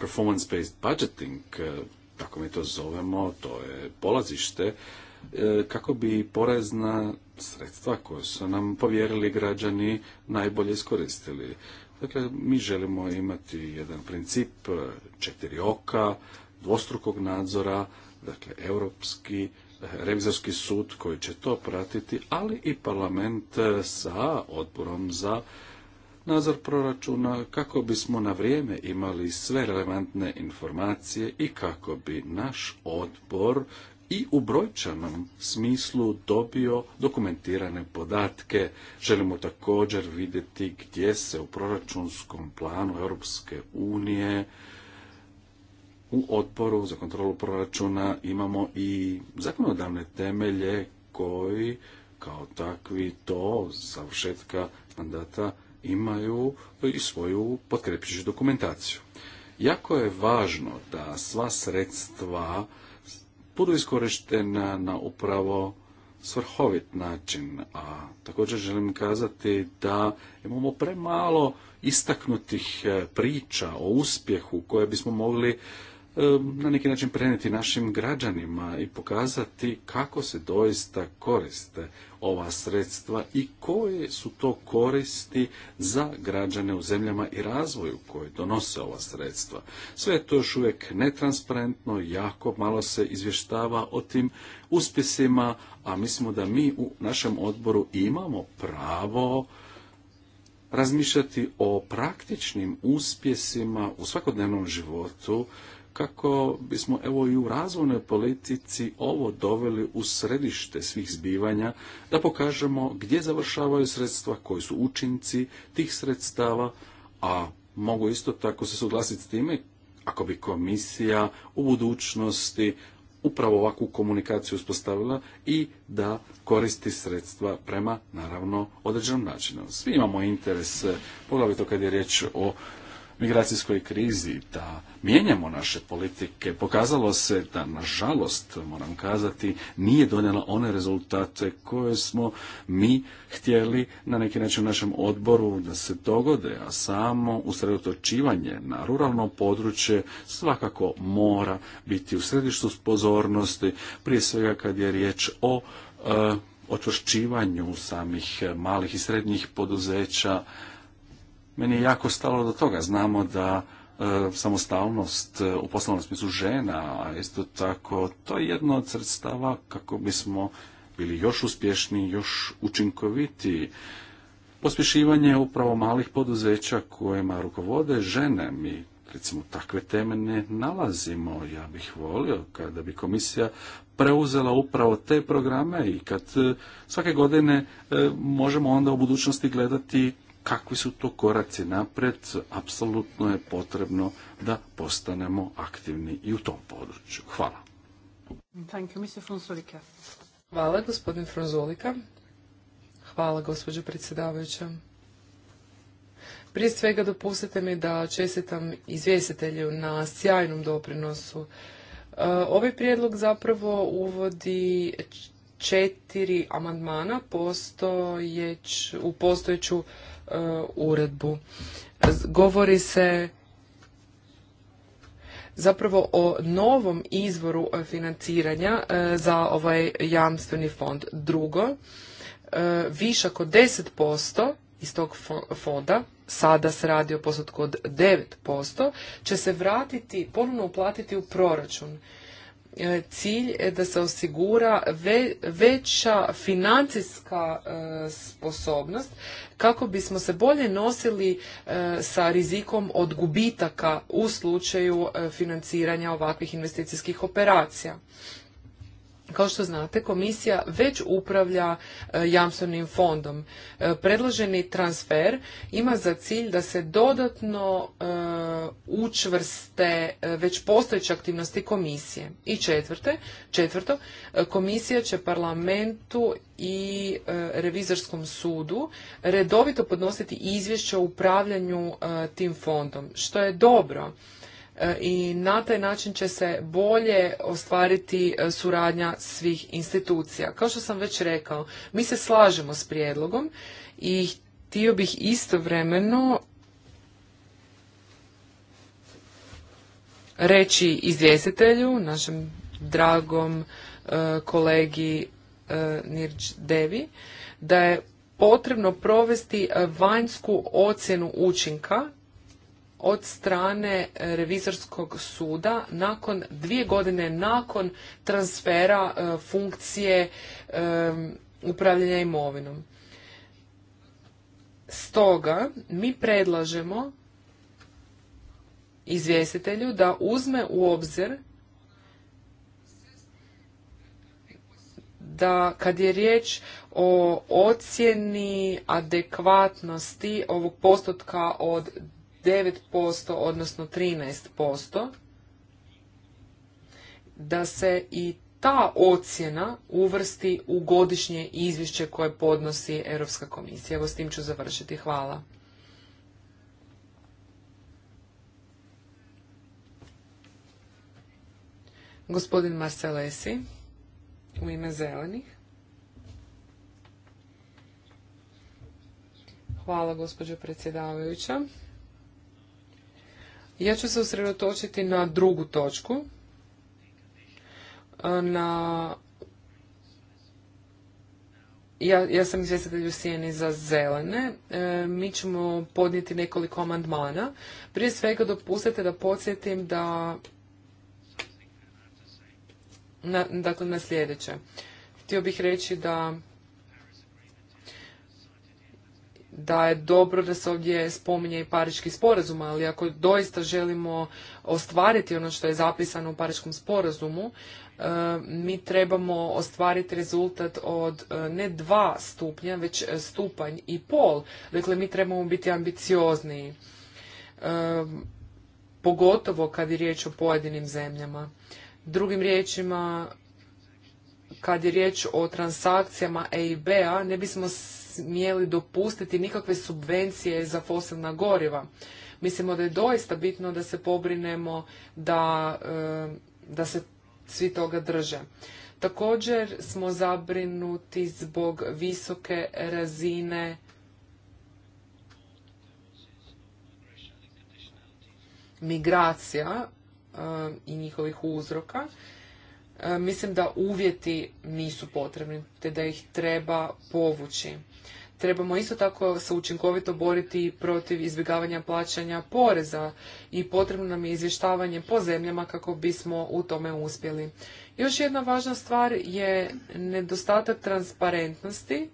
Performance-based budgeting kako mi to zovemo, to je polazište, e, kako bi porezna sredstva koje su nam povjerili građani najbolje iskoristili. Dakle, mi želimo imati jedan princip e, četiri oka, dvostrukog nadzora, dakle, europski e, revizorski sud koji će to pratiti, ali i parlament sa odborom za nadzor proračuna kako bismo na vrijeme imali sve relevantne informacije i kako bi naš odbor i u brojčanom smislu dobio dokumentirane podatke. Želimo također vidjeti gdje se u proračunskom planu Europske unije u odboru za kontrolu proračuna imamo i zakonodavne temelje koji kao takvi to završetka mandata imaju i svoju potkrepiću dokumentaciju. Jako je važno da sva sredstva budu iskorištena na upravo svrhovit način, a također želim kazati da imamo premalo istaknutih e, priča o uspjehu koje bismo mogli E, na neki način prenijeti našim građanima i pokazati kako se doista koriste ova sredstva i koje su to koristi za građane u zemljama i razvoju koje donose ova sredstva. Sve je to još uvijek netransparentno, jako malo se izvještava o tim uspjesima, a mislimo da mi u našem odboru imamo pravo razmišljati o praktičnim uspjesima u svakodnevnom životu kako bismo evo i u razvojnoj politici ovo doveli u središte svih zbivanja, da pokažemo gdje završavaju sredstva, koji su učinci tih sredstava, a mogu isto tako se suglasiti s time ako bi komisija u budućnosti upravo ovakvu komunikaciju uspostavila i da koristi sredstva prema, naravno, određenom načinu. Svi imamo interes, poglavito kad je riječ o migracijskoj krizi, da mijenjamo naše politike, pokazalo se da, nažalost, moram kazati, nije donijela one rezultate koje smo mi htjeli na neki način u našem odboru da se dogode, a samo usredotočivanje na ruralno područje svakako mora biti u središtu pozornosti, prije svega kad je riječ o otvršćivanju e, očvršćivanju samih malih i srednjih poduzeća, meni je jako stalo do toga. Znamo da e, samostalnost e, u poslovnom smislu žena, a isto tako to je jedno od sredstava kako bismo bili još uspješniji, još učinkovitiji. Pospješivanje upravo malih poduzeća kojima rukovode žene, mi recimo takve teme ne nalazimo. Ja bih volio kada bi komisija preuzela upravo te programe i kad e, svake godine možemo onda u budućnosti gledati kakvi su to koraci napred, apsolutno je potrebno da postanemo aktivni i u tom području. Hvala. Thank you, Mr. Hvala, gospodin Frunzulika. Hvala, gospođo predsjedavajuća. Prije svega dopustite mi da čestitam izvjestitelju na sjajnom doprinosu. E, ovaj prijedlog zapravo uvodi četiri amandmana u postojeću e, uredbu. Govori se zapravo o novom izvoru financiranja e, za ovaj jamstveni fond. Drugo, e, višak od 10% iz tog fonda, sada se radi o postotku od 9%, će se vratiti, ponovno uplatiti u proračun E, cilj je da se osigura veća financijska e, sposobnost kako bismo se bolje nosili e, sa rizikom od gubitaka u slučaju financiranja ovakvih investicijskih operacija. Kao što znate, komisija već upravlja e, jamstvenim fondom. E, predloženi transfer ima za cilj da se dodatno e, učvrste već postojeće aktivnosti komisije. I četvrto, komisija će parlamentu i revizorskom sudu redovito podnositi izvješće o upravljanju tim fondom, što je dobro E, i na taj način će se bolje ostvariti e, suradnja svih institucija. Kao što sam već rekao, mi se slažemo s prijedlogom i htio bih istovremeno reći izvjestitelju, našem dragom e, kolegi Devi, da je potrebno provesti vanjsku ocjenu učinka od strane revizorskog suda nakon dvije godine nakon transfera e, funkcije e, upravljanja imovinom. Stoga mi predlažemo izvjestitelju da uzme u obzir da kad je riječ o ocjeni adekvatnosti ovog postotka od 9%, odnosno 13%, da se i ta ocjena uvrsti u godišnje izvješće koje podnosi Europska komisija. Evo s tim ću završiti. Hvala. Gospodin Marcelesi u ime zelenih. Hvala gospođo predsjedavajuća. Ja ću se usredotočiti na drugu točku, na ja, ja sam izvjestitelj u Sijeni za zelene. E, mi ćemo podnijeti nekoliko amandmana. Prije svega dopustite da podsjetim da na, dakle na sljedeće. Htio bih reći da da je dobro da se ovdje spominje i Pariški sporazum, ali ako doista želimo ostvariti ono što je zapisano u Pariškom sporazumu, e, mi trebamo ostvariti rezultat od e, ne dva stupnja, već e, stupanj i pol. Dakle, mi trebamo biti ambiciozniji, pogotovo kad je riječ o pojedinim zemljama. Drugim riječima, kad je riječ o transakcijama EIB-a, ne bismo smjeli dopustiti nikakve subvencije za fosilna goriva. Mislimo da je doista bitno da se pobrinemo da, e, da se svi toga drže. Također smo zabrinuti zbog visoke razine migracija e, i njihovih uzroka. E, mislim da uvjeti nisu potrebni, te da ih treba povući. Trebamo isto tako se učinkovito boriti protiv izbjegavanja plaćanja poreza i potrebno nam je izvještavanje po zemljama kako bismo u tome uspjeli. Još jedna važna stvar je nedostatak transparentnosti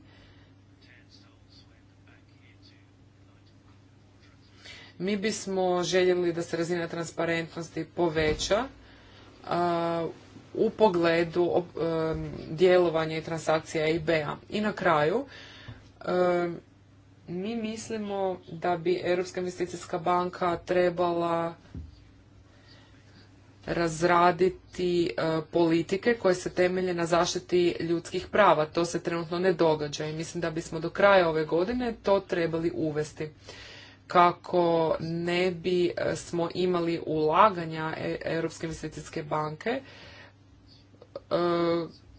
Mi bismo željeli da se razina transparentnosti poveća u pogledu djelovanja i transakcija EIB-a. I na kraju, mi mislimo da bi Europska investicijska banka trebala razraditi e, politike koje se temelje na zaštiti ljudskih prava. To se trenutno ne događa i mislim da bismo do kraja ove godine to trebali uvesti kako ne bi e, smo imali ulaganja e, Europske investicijske banke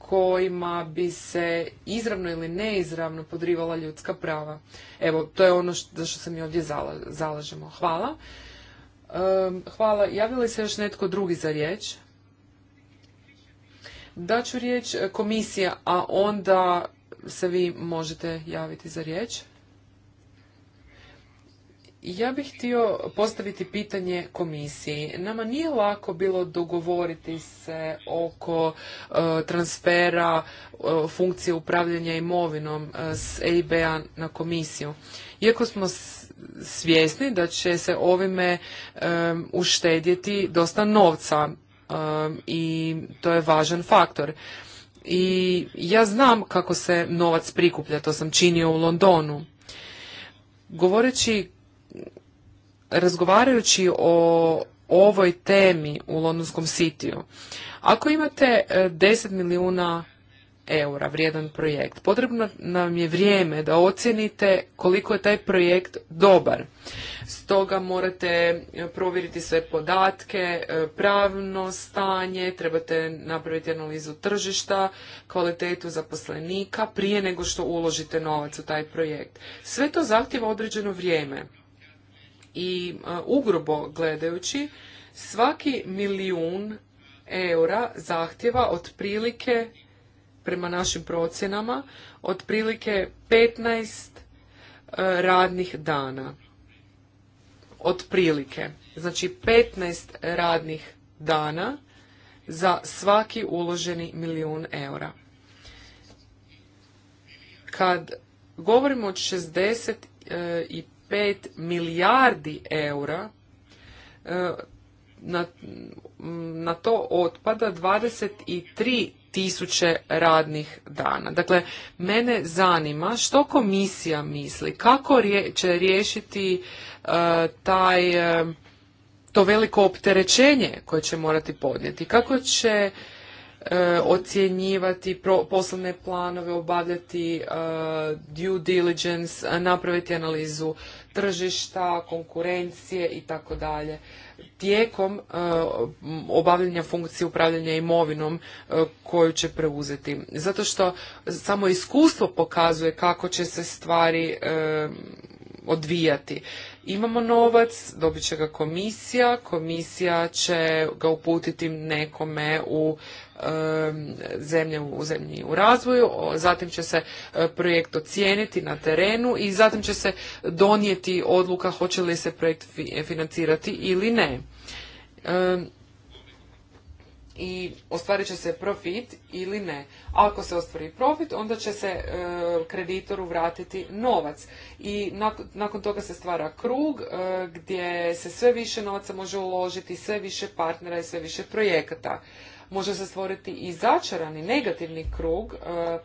kojima bi se izravno ili neizravno podrivala ljudska prava. Evo, to je ono za što se mi ovdje zalažemo. Hvala. E, hvala. li se još netko drugi za riječ? Daću riječ komisija, a onda se vi možete javiti za riječ. Ja bih htio postaviti pitanje komisiji. Nama nije lako bilo dogovoriti se oko e, transfera e, funkcije upravljanja imovinom e, s EIB-a na komisiju. Iako smo svjesni da će se ovime uštedjeti dosta novca i to je važan faktor. I ja znam kako se novac prikuplja, to sam činio u Londonu. Govoreći razgovarajući o ovoj temi u Londonskom sitiju, ako imate 10 e, milijuna eura vrijedan projekt, potrebno nam je vrijeme da ocijenite koliko je taj projekt dobar. Stoga morate e, provjeriti sve podatke, e, pravno stanje, trebate napraviti analizu tržišta, kvalitetu zaposlenika prije nego što uložite novac u taj projekt. Sve to zahtjeva određeno vrijeme i e, ugrubo gledajući, svaki milijun eura zahtjeva otprilike, prema našim procjenama, otprilike 15 e, radnih dana. Otprilike. Znači 15 radnih dana za svaki uloženi milijun eura. Kad govorimo o 60 e, i 5 milijardi eura e, na, na to otpada 23 tisuće radnih dana. Dakle, mene zanima što komisija misli, kako će riješiti e, taj, e, to veliko opterećenje koje će morati podnijeti, kako će ocjenjivati poslovne planove, obavljati due diligence, napraviti analizu tržišta, konkurencije i tako dalje. Tijekom e, obavljanja funkcije upravljanja imovinom e, koju će preuzeti. Zato što samo iskustvo pokazuje kako će se stvari e, odvijati. Imamo novac, dobit će ga komisija, komisija će ga uputiti nekome u zemlje u zemlji u razvoju, zatim će se e, projekt ocijeniti na terenu i zatim će se donijeti odluka hoće li se projekt financirati ili ne. I ostvarit će se profit ili ne. Ako se ostvari profit, onda će se e, kreditoru vratiti novac. I nakon toga se stvara krug e, gdje se sve više novaca može uložiti, sve više partnera i sve više projekata može se stvoriti i začarani negativni krug e,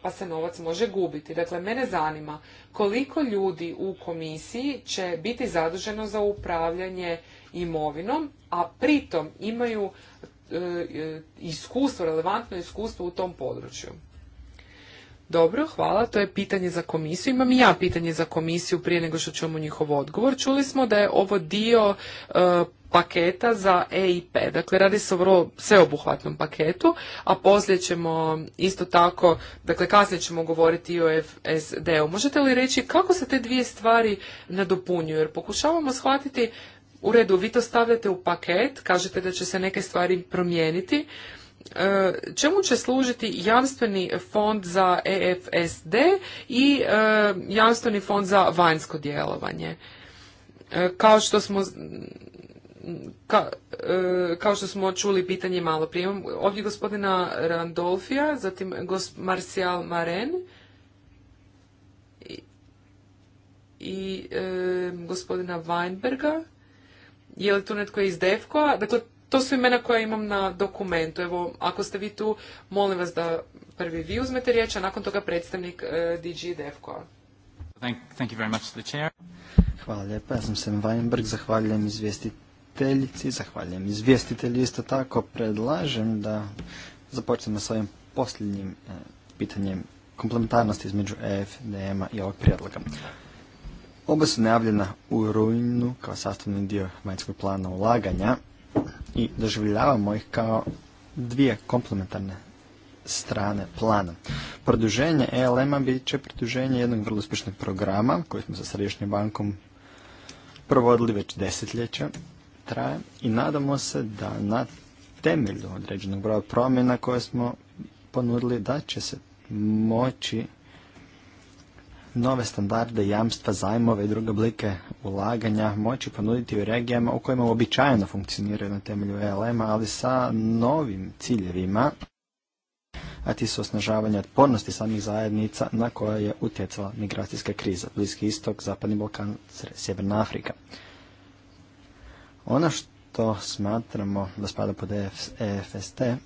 pa se novac može gubiti. Dakle, mene zanima koliko ljudi u komisiji će biti zaduženo za upravljanje imovinom, a pritom imaju e, e, iskustvo, relevantno iskustvo u tom području. Dobro, hvala. To je pitanje za komisiju. Imam i ja pitanje za komisiju prije nego što ćemo njihov odgovor. Čuli smo da je ovo dio e, paketa za EIP. Dakle, radi se o vrlo sveobuhvatnom paketu, a poslije ćemo isto tako, dakle kasnije ćemo govoriti i o FSD-u. Možete li reći kako se te dvije stvari nadopunjuju? Jer pokušavamo shvatiti u redu, vi to stavljate u paket, kažete da će se neke stvari promijeniti, E, čemu će služiti jamstveni fond za EFSD i e, jamstveni fond za vanjsko djelovanje? E, kao što smo kao što smo čuli pitanje malo prije. ovdje gospodina Randolfija, zatim gos, Marcial Maren i, gospodina Weinberga. Je li tu netko iz Defkoa? Dakle, to su imena koja imam na dokumentu. Evo, ako ste vi tu, molim vas da prvi vi uzmete riječ, a nakon toga predstavnik e, DG Hvala lijepa, ja sam Sam Weinberg, zahvaljujem izvjestiteljici, zahvaljujem izvjestitelji isto tako. Predlažem da započnemo s ovim posljednjim e, pitanjem komplementarnosti između EFDM-a i ovog prijedloga. Oba su najavljena u rujnu kao sastavni dio vanjskog plana ulaganja i doživljavamo ih kao dvije komplementarne strane plana. Produženje ELM-a bit će produženje jednog vrlo uspješnog programa koji smo sa Središnjom bankom provodili već desetljeća traje i nadamo se da na temelju određenog broja promjena koje smo ponudili da će se moći nove standarde, jamstva, zajmove i druge oblike ulaganja moći ponuditi u regijama u kojima uobičajeno funkcioniraju na temelju ELM-a, ali sa novim ciljevima, a ti su osnažavanje otpornosti samih zajednica na koje je utjecala migracijska kriza, Bliski istok, Zapadni Balkan, Sjeverna Afrika. Ono što smatramo da spada pod EFST e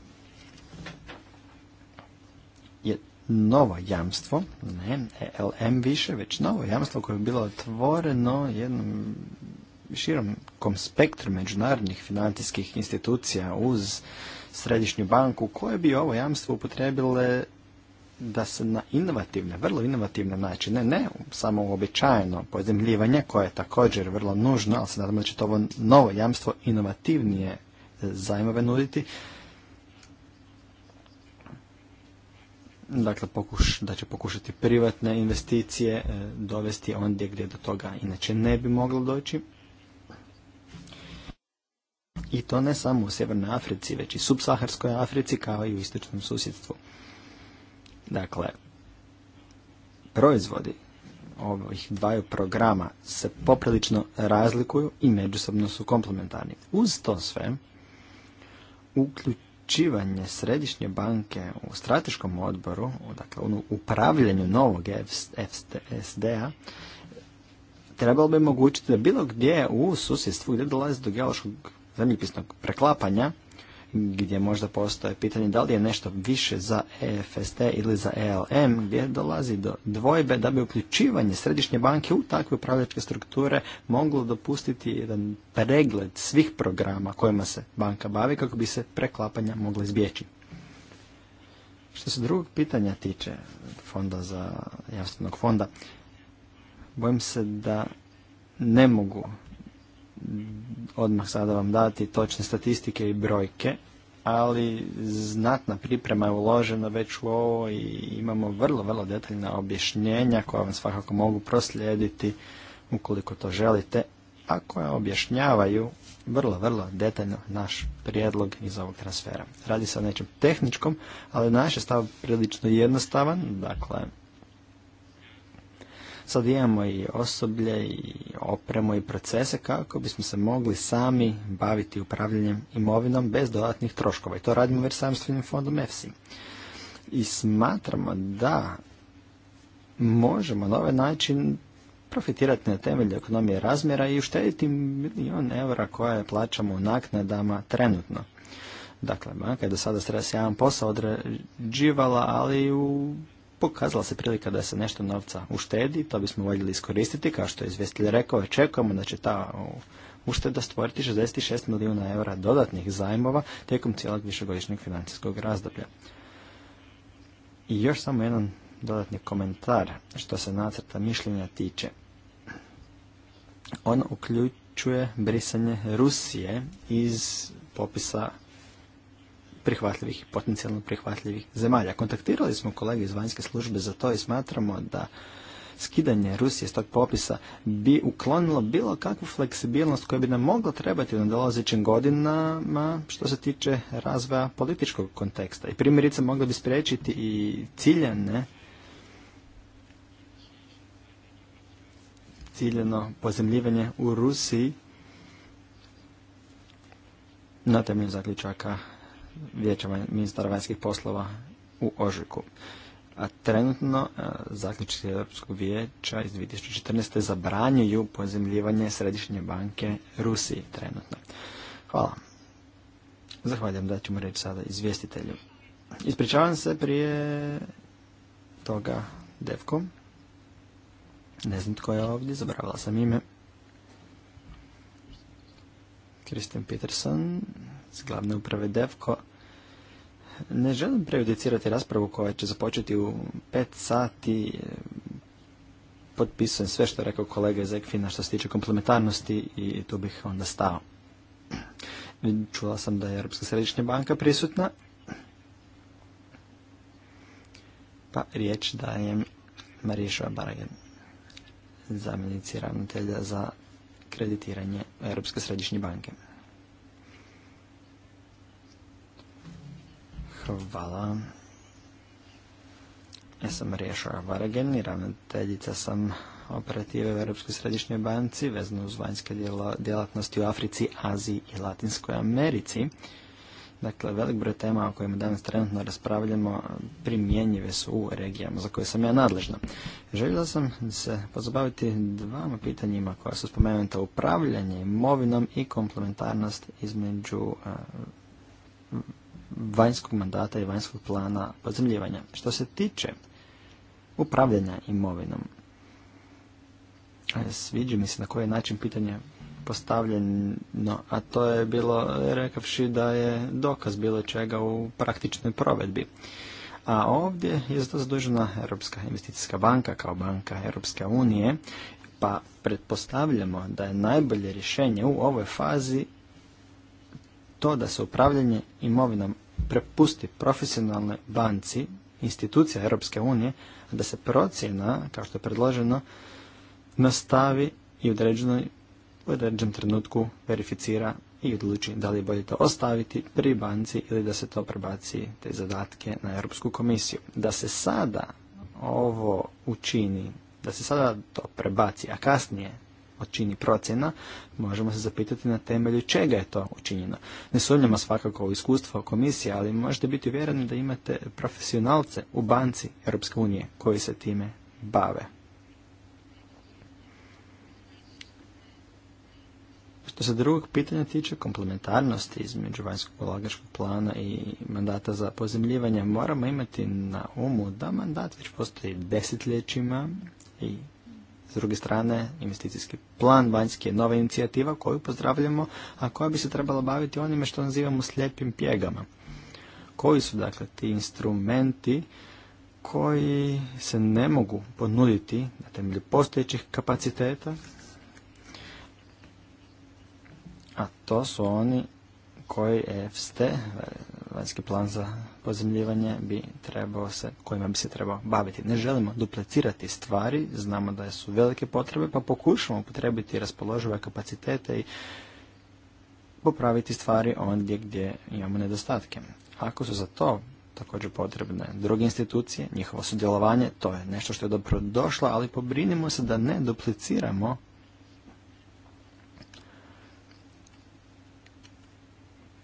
novo jamstvo, ne LM više, već novo jamstvo koje je bilo otvoreno jednom širom spektru međunarodnih financijskih institucija uz središnju banku koje bi ovo jamstvo upotrebile da se na inovativne, vrlo inovativne načine, ne samo uobičajeno pozemljivanje koje je također vrlo nužno, ali se nadamo da će to ovo novo jamstvo inovativnije zajmove nuditi, Dakle, pokuš, da će pokušati privatne investicije e, dovesti ondje gdje do toga inače ne bi moglo doći. I to ne samo u Sjevernoj Africi, već i subsaharskoj Africi kao i u istočnom susjedstvu. Dakle, proizvodi ovih dvaju programa se poprilično razlikuju i međusobno su komplementarni. Uz to sve, uključ uključivanje središnje banke u strateškom odboru, dakle u upravljanju novog FSD-a, trebalo bi omogućiti da bilo gdje u susjedstvu gdje dolazi do geološkog zemljopisnog preklapanja, gdje možda postoje pitanje da li je nešto više za EFST ili za ELM, gdje dolazi do dvojbe da bi uključivanje središnje banke u takve upravljačke strukture moglo dopustiti jedan pregled svih programa kojima se banka bavi kako bi se preklapanja mogla izbjeći. Što se drugog pitanja tiče fonda za javstvenog fonda, bojim se da ne mogu odmah sada vam dati točne statistike i brojke, ali znatna priprema je uložena već u ovo i imamo vrlo, vrlo detaljna objašnjenja koja vam svakako mogu proslijediti ukoliko to želite, a koja objašnjavaju vrlo, vrlo detaljno naš prijedlog iz ovog transfera. Radi se o nečem tehničkom, ali naš je stav prilično jednostavan, dakle Sad imamo i osoblje i opremu i procese kako bismo se mogli sami baviti upravljanjem imovinom bez dodatnih troškova. I to radimo već samstvenim fondom EFSI. I smatramo da možemo na ovaj način profitirati na temelju ekonomije razmjera i uštediti milijon eura koje plaćamo u naknadama trenutno. Dakle, banka je do sada stres jedan posao određivala, ali u pokazala se prilika da se nešto novca uštedi, to bismo voljeli iskoristiti, kao što je izvjestitelj rekao, očekujemo da će ta ušteda stvoriti 66 milijuna eura dodatnih zajmova tijekom cijelog višegodišnjeg financijskog razdoblja. I još samo jedan dodatni komentar što se nacrta mišljenja tiče. On uključuje brisanje Rusije iz popisa prihvatljivih i potencijalno prihvatljivih zemalja. Kontaktirali smo kolege iz vanjske službe za to i smatramo da skidanje Rusije s tog popisa bi uklonilo bilo kakvu fleksibilnost koja bi nam mogla trebati u nadolazećim godinama što se tiče razvoja političkog konteksta. I primjerice mogla bi spriječiti i ciljene ciljeno pozemljivanje u Rusiji na temelju zaključaka vijeća ministara vanjskih poslova u Ožujku. A trenutno e, zaključci Europskog vijeća iz 2014. zabranjuju pozemljivanje Središnje banke Rusiji trenutno. Hvala. Zahvaljujem da ćemo reći sada izvjestitelju. Ispričavam se prije toga devkom. Ne znam tko je ovdje, Zabravila sam ime. Kristen Peterson, s glavne uprave DEVKO. Ne želim prejudicirati raspravu koja će započeti u pet sati. Potpisujem sve što je rekao kolega iz Ekfina što se tiče komplementarnosti i tu bih onda stao. Čula sam da je Europska središnja banka prisutna. Pa riječ dajem Mariješu Baragen, zamjenici ravnatelja za kreditiranje Europske središnje banke. Hvala. Ja sam Riješa Varagen i ravnateljica sam operative u Europskoj središnjoj banci vezano uz vanjske djelatnosti u Africi, Aziji i Latinskoj Americi. Dakle, velik broj tema o kojima danas trenutno raspravljamo primjenjive su u regijama za koje sam ja nadležna. Željela sam se pozabaviti dvama pitanjima koja su spomenuta upravljanje imovinom i komplementarnost između e, vanjskog mandata i vanjskog plana pozemljivanja. Što se tiče upravljanja imovinom, sviđa mi se na koji način pitanje postavljeno, a to je bilo rekavši da je dokaz bilo čega u praktičnoj provedbi. A ovdje je zadužena Europska investicijska banka kao banka Europske unije, pa pretpostavljamo da je najbolje rješenje u ovoj fazi to da se upravljanje imovinom prepusti profesionalnoj banci, institucija Europske unije, da se procjena, kao što je predloženo, nastavi i u određenom trenutku verificira i odluči da li je bolje to ostaviti pri banci ili da se to prebaci te zadatke na Europsku komisiju. Da se sada ovo učini, da se sada to prebaci, a kasnije čini procjena, možemo se zapitati na temelju čega je to učinjeno. Ne sumnjamo svakako u iskustvo komisije, ali možete biti uvjereni da imate profesionalce u banci Europske unije koji se time bave. Što se drugog pitanja tiče komplementarnosti između vanjskog ulagačkog plana i mandata za pozemljivanje, moramo imati na umu da mandat već postoji desetljećima i druge strane, investicijski plan vanjski je nova inicijativa koju pozdravljamo, a koja bi se trebala baviti onime što nazivamo slijepim pjegama. Koji su dakle ti instrumenti koji se ne mogu ponuditi na temelju postojećih kapaciteta, a to su oni koji EFST, vanjski plan za pozemljivanje, bi trebao se, kojima bi se trebao baviti. Ne želimo duplicirati stvari, znamo da su velike potrebe, pa pokušamo potrebiti raspoložive kapacitete i popraviti stvari ondje gdje imamo nedostatke. Ako su za to također potrebne druge institucije, njihovo sudjelovanje, to je nešto što je dobro došlo, ali pobrinimo se da ne dupliciramo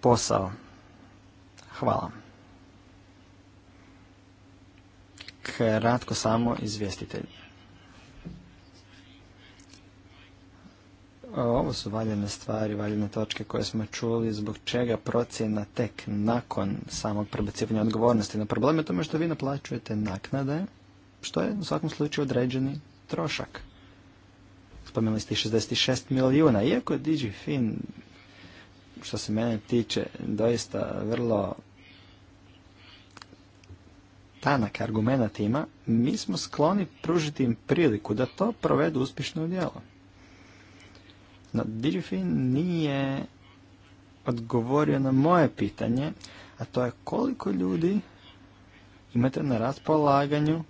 posao. Hvala. Kratko samo izvjestitelj. Ovo su valjene stvari, valjene točke koje smo čuli, zbog čega procjena tek nakon samog prebacivanja odgovornosti. Na problem je tome što vi naplaćujete naknade, što je u svakom slučaju određeni trošak. Spomenuli ste i 66 milijuna, iako je DigiFin što se mene tiče doista vrlo tanak argumenta ima, mi smo skloni pružiti im priliku da to provedu uspješno u djelo. No, Digifin nije odgovorio na moje pitanje, a to je koliko ljudi imate na raspolaganju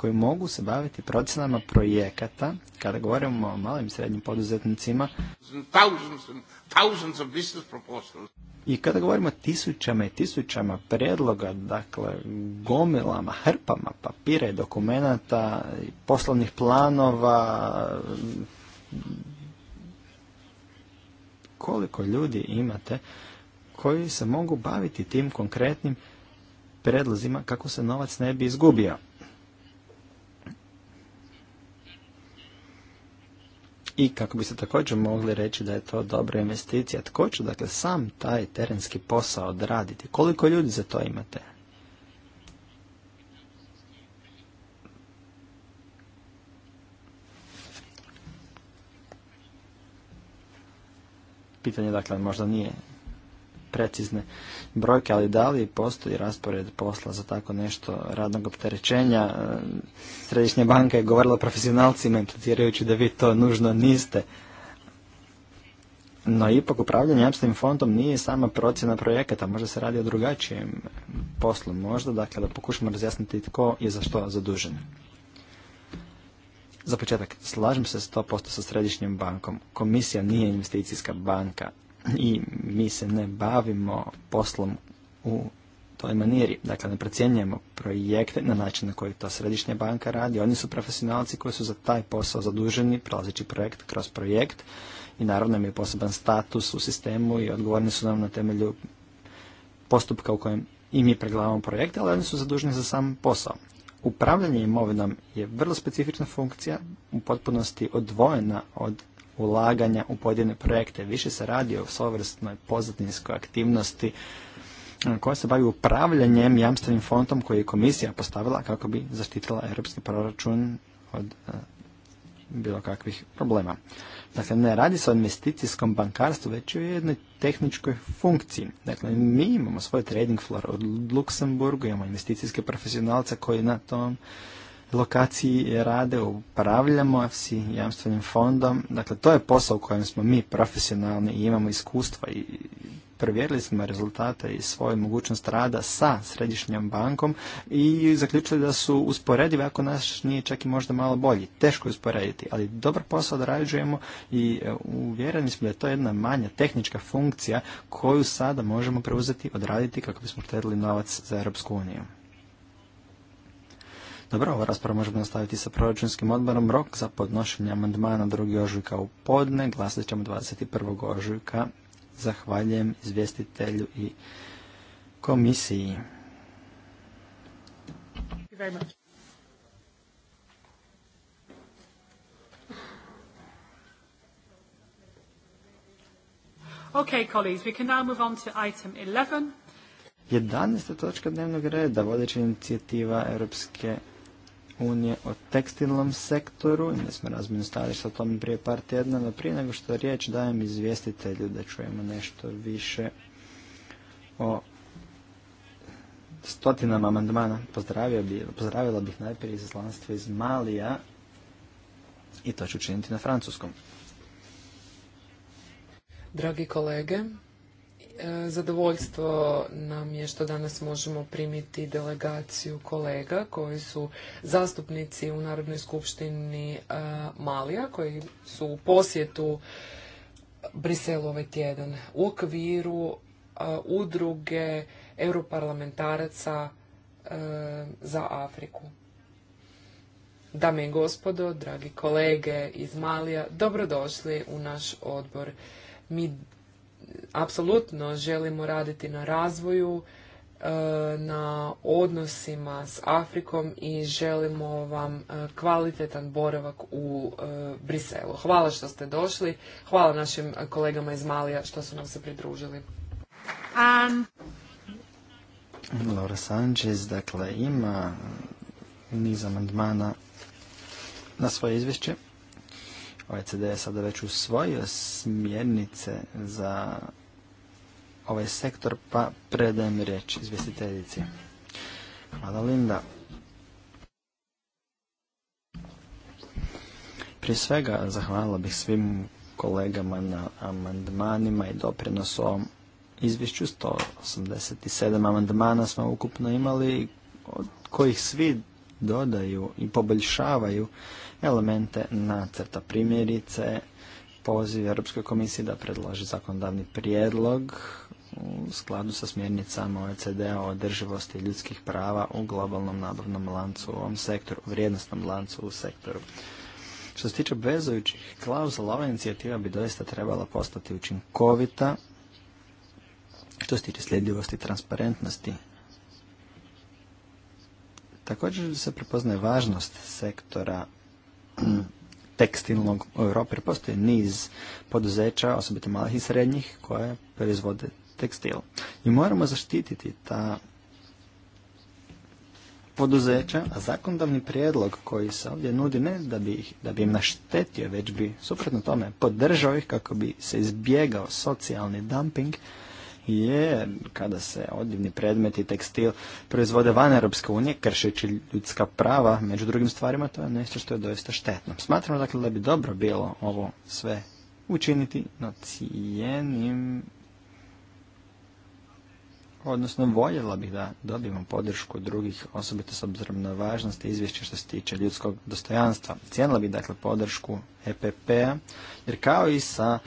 koji mogu se baviti procenama projekata kada govorimo o malim i srednjim poduzetnicima i kada govorimo o tisućama i tisućama predloga, dakle gomilama, hrpama papira i dokumenata, poslovnih planova, koliko ljudi imate koji se mogu baviti tim konkretnim predlozima kako se novac ne bi izgubio. i kako bi se također mogli reći da je to dobra investicija. Tko će dakle sam taj terenski posao odraditi? Koliko ljudi za to imate? Pitanje dakle možda nije precizne brojke, ali da li postoji raspored posla za tako nešto radnog opterećenja? E, Središnja banka je govorila o profesionalcima, implicirajući da vi to nužno niste. No ipak upravljanje jamstvenim fondom nije sama procjena projekata, možda se radi o drugačijem poslu, možda, dakle da pokušamo razjasniti tko je za što zadužen. Za početak, slažem se 100% sa središnjom bankom. Komisija nije investicijska banka i mi se ne bavimo poslom u toj maniri. Dakle, ne procjenjujemo projekte na način na koji to središnja banka radi. Oni su profesionalci koji su za taj posao zaduženi, prolazeći projekt kroz projekt i naravno im je poseban status u sistemu i odgovorni su nam na temelju postupka u kojem i mi preglavamo projekte, ali oni su zaduženi za sam posao. Upravljanje imovinom je vrlo specifična funkcija, u potpunosti odvojena od ulaganja u pojedine projekte. Više se radi o sovrstnoj pozadinskoj aktivnosti e, koja se bavi upravljanjem jamstvenim fondom koji je komisija postavila kako bi zaštitila europski proračun od e, bilo kakvih problema. Dakle, ne radi se o investicijskom bankarstvu, već o jednoj tehničkoj funkciji. Dakle, mi imamo svoj trading floor od Luksemburgu, imamo investicijske profesionalce koji na tom lokaciji rade, upravljamo si jamstvenim fondom. Dakle, to je posao u kojem smo mi profesionalni i imamo iskustva i provjerili smo rezultate i svoju mogućnost rada sa središnjom bankom i zaključili da su usporedivi ako naš nije čak i možda malo bolji. Teško je usporediti, ali dobar posao odrađujemo i e, uvjereni smo da je to jedna manja tehnička funkcija koju sada možemo preuzeti, odraditi kako bismo štedili novac za Europsku uniju. Dobro, ovo raspravu možemo nastaviti sa proračunskim odborom. Rok za podnošenje amandmana 2. ožujka u podne. Glasat ćemo 21. ožujka. Zahvaljujem izvjestitelju i komisiji. Okay, colleagues, we can now move on to item 11. 11. točka dnevnog reda, vodeća inicijativa Europske unije o tekstilnom sektoru. ne smo razmjenu stali o tome prije par tjedna, no prije nego što riječ dajem izvjestitelju da čujemo nešto više o stotinama amandmana. bi, pozdravila bih najprije izaslanstvo iz Malija i to ću učiniti na francuskom. Dragi kolege, E, zadovoljstvo nam je što danas možemo primiti delegaciju kolega koji su zastupnici u Narodnoj skupštini e, Malija koji su u posjetu Briselu ovaj tjedan u okviru e, udruge europarlamentaraca za Afriku. Dame i gospodo, dragi kolege iz Malija, dobrodošli u naš odbor. Mi apsolutno želimo raditi na razvoju, e, na odnosima s Afrikom i želimo vam e, kvalitetan boravak u e, Briselu. Hvala što ste došli, hvala našim kolegama iz Malija što su nam se pridružili. Um, Laura Sanchez, dakle, ima niz amandmana na svoje izvješće. OECD je sada već usvojio smjernice za ovaj sektor, pa predajem riječ izvjestiteljici. Hvala Linda. Prije svega zahvalila bih svim kolegama na amandmanima i doprinosu ovom izvješću. 187 amandmana smo ukupno imali, od kojih svi dodaju i poboljšavaju elemente nacrta. Primjerice, poziv Europskoj komisiji da predloži zakonodavni prijedlog u skladu sa smjernicama OECD-a o održivosti ljudskih prava u globalnom nabavnom lancu u ovom sektoru, vrijednostnom lancu u sektoru. Što se tiče obvezujućih klauzula, ova inicijativa bi doista trebala postati učinkovita što se tiče sljedljivosti i transparentnosti Također se prepoznaje važnost sektora tekstilnog u Europi. postoje niz poduzeća, osobito malih i srednjih, koje proizvode tekstil. I moramo zaštititi ta poduzeća, a zakondavni prijedlog koji se ovdje nudi ne da bi, ih, da bi im naštetio, već bi suprotno tome podržao ih kako bi se izbjegao socijalni dumping je kada se odljivni predmeti i tekstil proizvode van Europske unije, kršeći ljudska prava, među drugim stvarima, to je nešto što je doista štetno. Smatramo dakle da bi dobro bilo ovo sve učiniti, no cijenim odnosno voljela bih da dobijemo podršku drugih, osobito s obzirom na važnost izvješća što se tiče ljudskog dostojanstva. Cijenila bih dakle podršku EPP-a, jer kao i sa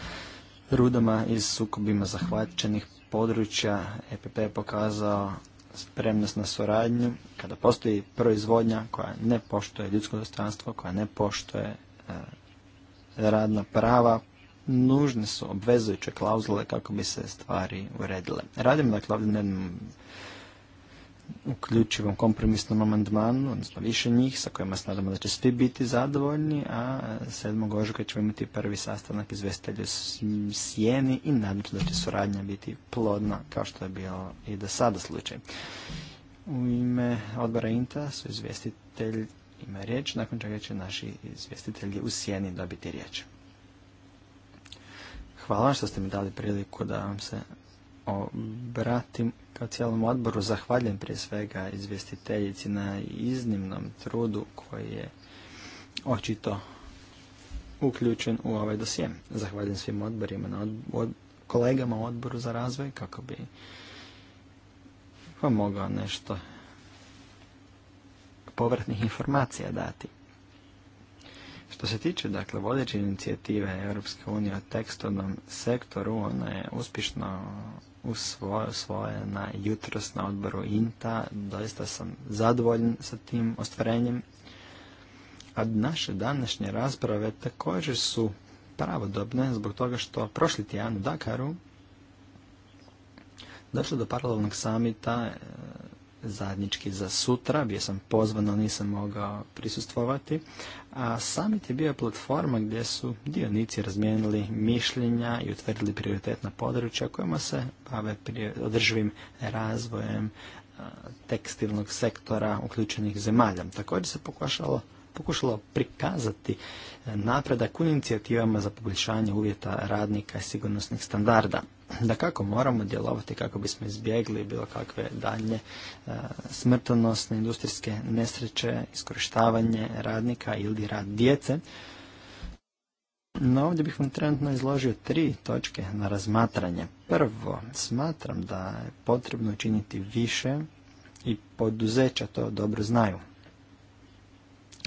rudama iz sukobima zahvaćenih područja EPP je pokazao spremnost na suradnju, kada postoji proizvodnja koja ne poštuje ljudsko dostojanstvo, koja ne poštuje e, radna prava, nužne su obvezujuće klauzule kako bi se stvari uredile. Radim dakle na uključivom kompromisnom amandmanu, odnosno više njih, sa kojima se nadamo da će svi biti zadovoljni, a 7. ožujka ćemo imati prvi sastanak u Sijeni i nadam se da će suradnja biti plodna, kao što je bilo i do sada slučaj. U ime odbora INTA su izvjestitelj ima riječ, nakon čega će naši izvjestitelji u Sijeni dobiti riječ. Hvala što ste mi dali priliku da vam se obratim kao cijelom odboru. Zahvaljujem prije svega izvjestiteljici na iznimnom trudu koji je očito uključen u ovaj dosje. Zahvaljujem svim odborima, na kolegama u odboru za razvoj kako bi vam mogao nešto povratnih informacija dati. Što se tiče dakle vodeće inicijative Europske unije o tekstovnom sektoru, ona je uspješno na jutros na odboru INTA. Doista sam zadovoljan sa tim ostvarenjem. A naše današnje rasprave također su pravodobne zbog toga što prošli tjedan u Dakaru došlo do paralelnog samita e, zajednički za sutra, bio sam pozvan, ali nisam mogao prisustvovati. A summit je bio platforma gdje su dionici razmijenili mišljenja i utvrdili prioritetna područja kojima se bave održivim razvojem tekstilnog sektora uključenih zemalja. Također se pokušalo pokušalo prikazati e, napredak u inicijativama za poboljšanje uvjeta radnika i sigurnosnih standarda. Da kako moramo djelovati kako bismo izbjegli bilo kakve daljnje e, smrtonosne industrijske nesreće, iskorištavanje radnika ili rad djece. No ovdje bih vam trenutno izložio tri točke na razmatranje. Prvo, smatram da je potrebno učiniti više i poduzeća to dobro znaju.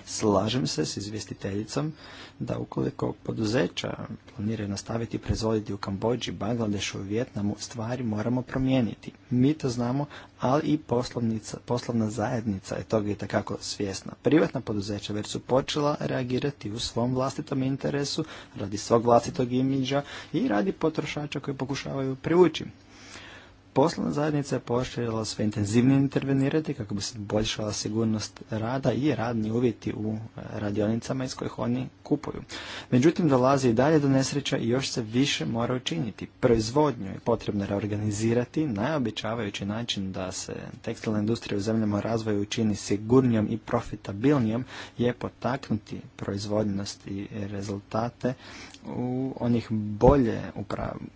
Slažem se s izvjestiteljicom da ukoliko poduzeća planiraju nastaviti proizvoditi u Kambođi, Bangladešu i Vjetnamu, stvari moramo promijeniti. Mi to znamo, ali i poslovna zajednica je toga i takako svjesna. Privatna poduzeća već su počela reagirati u svom vlastitom interesu, radi svog vlastitog imidža i radi potrošača koji pokušavaju privući Poslovna zajednica je sve intenzivnije intervenirati kako bi se boljšala sigurnost rada i radni uvjeti u e, radionicama iz kojih oni kupuju. Međutim, dolazi i dalje do nesreća i još se više mora učiniti. Proizvodnju je potrebno reorganizirati najobičavajući način da se tekstilna industrija u zemljama razvoju učini sigurnijom i profitabilnijom je potaknuti proizvodnost i rezultate u onih bolje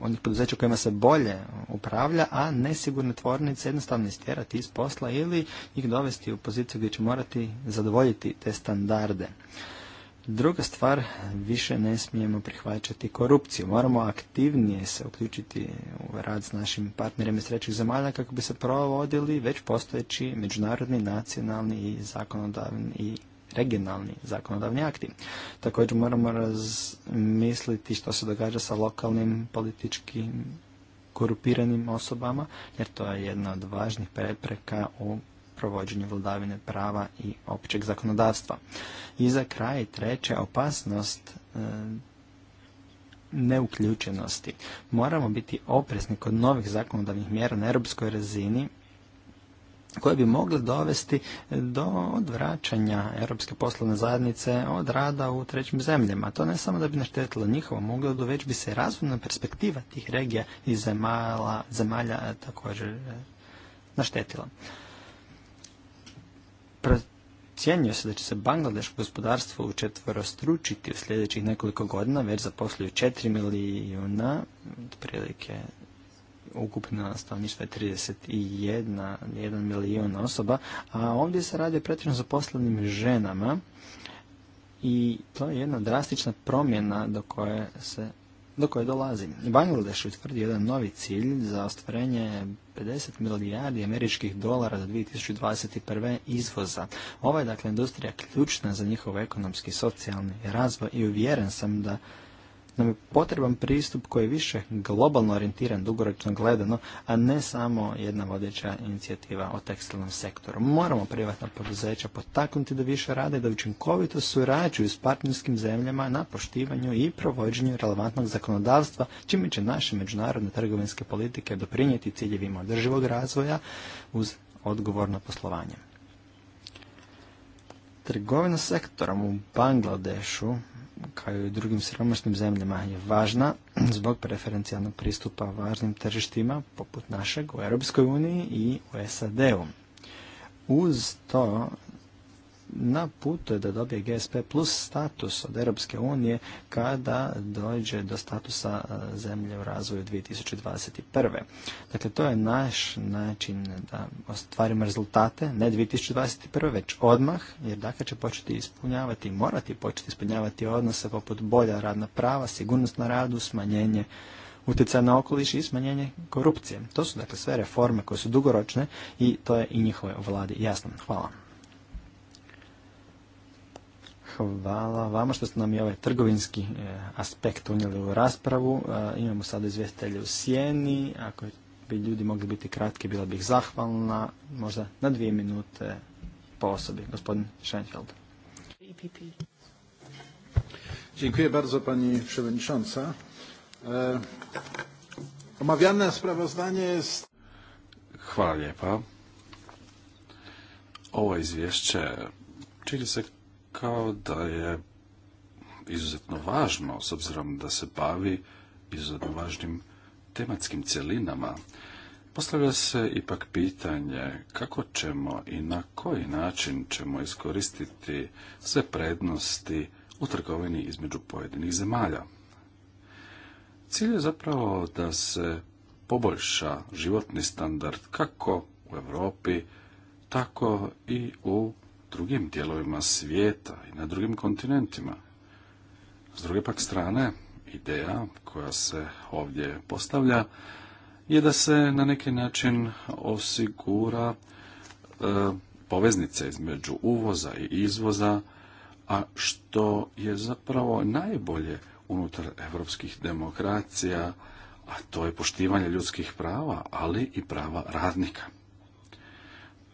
onih poduzeća kojima se bolje upravlja, a nesigurne tvornice jednostavno istjerati iz posla ili ih dovesti u poziciju gdje će morati zadovoljiti te standarde. Druga stvar, više ne smijemo prihvaćati korupciju. Moramo aktivnije se uključiti u rad s našim partnerima iz trećih zemalja kako bi se provodili već postojeći međunarodni, nacionalni i zakonodavni regionalni zakonodavni akti. Također moramo razmisliti što se događa sa lokalnim političkim korupiranim osobama, jer to je jedna od važnih prepreka u provođenju vladavine prava i općeg zakonodavstva. I za kraj treće, opasnost e, neuključenosti. Moramo biti oprezni kod novih zakonodavnih mjera na europskoj razini koje bi mogle dovesti do odvraćanja Europske poslovne zajednice od rada u trećim zemljama. To ne samo da bi naštetilo njihovom ugledu, već bi se razumna perspektiva tih regija i zemalja e, također e, naštetila. Procjenjuje se da će se bangladeško gospodarstvo učetverostručiti u sljedećih nekoliko godina, već zaposluju 4 milijuna otprilike ukupno stanovništvo je 31 milijuna milijun osoba, a ovdje se radi o za zaposlenim ženama i to je jedna drastična promjena do koje se do koje dolazi. Bangladesh utvrdi jedan novi cilj za ostvarenje 50 milijardi američkih dolara za 2021. izvoza. Ova je dakle industrija ključna za njihov ekonomski i socijalni razvoj i uvjeren sam da nam je potreban pristup koji je više globalno orijentiran, dugoročno gledano, a ne samo jedna vodeća inicijativa o tekstilnom sektoru. Moramo privatna poduzeća potaknuti da više rade i da učinkovito surađuju s partnerskim zemljama na poštivanju i provođenju relevantnog zakonodavstva, čime će naše međunarodne trgovinske politike doprinijeti ciljevima održivog razvoja uz odgovorno poslovanje. Trgovina sektorom u Bangladešu kao i u drugim siromašnim zemljama je važna zbog preferencijalnog pristupa važnim tržištima poput našeg u Europskoj uniji i u SAD-u. Uz to na putu je da dobije GSP plus status od Europske unije kada dođe do statusa e, zemlje u razvoju 2021. Dakle, to je naš način da ostvarimo rezultate, ne 2021. već odmah, jer dakle će početi ispunjavati, morati početi ispunjavati odnose poput bolja radna prava, sigurnost na radu, smanjenje utjecaja na okoliš i smanjenje korupcije. To su dakle sve reforme koje su dugoročne i to je i njihove vladi jasno. Hvala. Hvala vama što ste nam i ovaj trgovinski e, aspekt unijeli u raspravu. E, imamo sada izvjestitelje u sjeni. Ako bi ljudi mogli biti kratki, bila bih zahvalna. Možda na dvije minute po osobi. Gospodin Schoenfeld. Dziękuję bardzo Pani Przewodnicząca. E, omawiane sprawozdanie jest... Hvala lijepa. Ovo izvješće čini se kao da je izuzetno važno, s obzirom da se bavi izuzetno važnim tematskim cjelinama, postavlja se ipak pitanje kako ćemo i na koji način ćemo iskoristiti sve prednosti u trgovini između pojedinih zemalja. Cilj je zapravo da se poboljša životni standard kako u Europi, tako i u drugim dijelovima svijeta i na drugim kontinentima. S druge pak strane, ideja koja se ovdje postavlja je da se na neki način osigura e, poveznica između uvoza i izvoza, a što je zapravo najbolje unutar evropskih demokracija, a to je poštivanje ljudskih prava, ali i prava radnika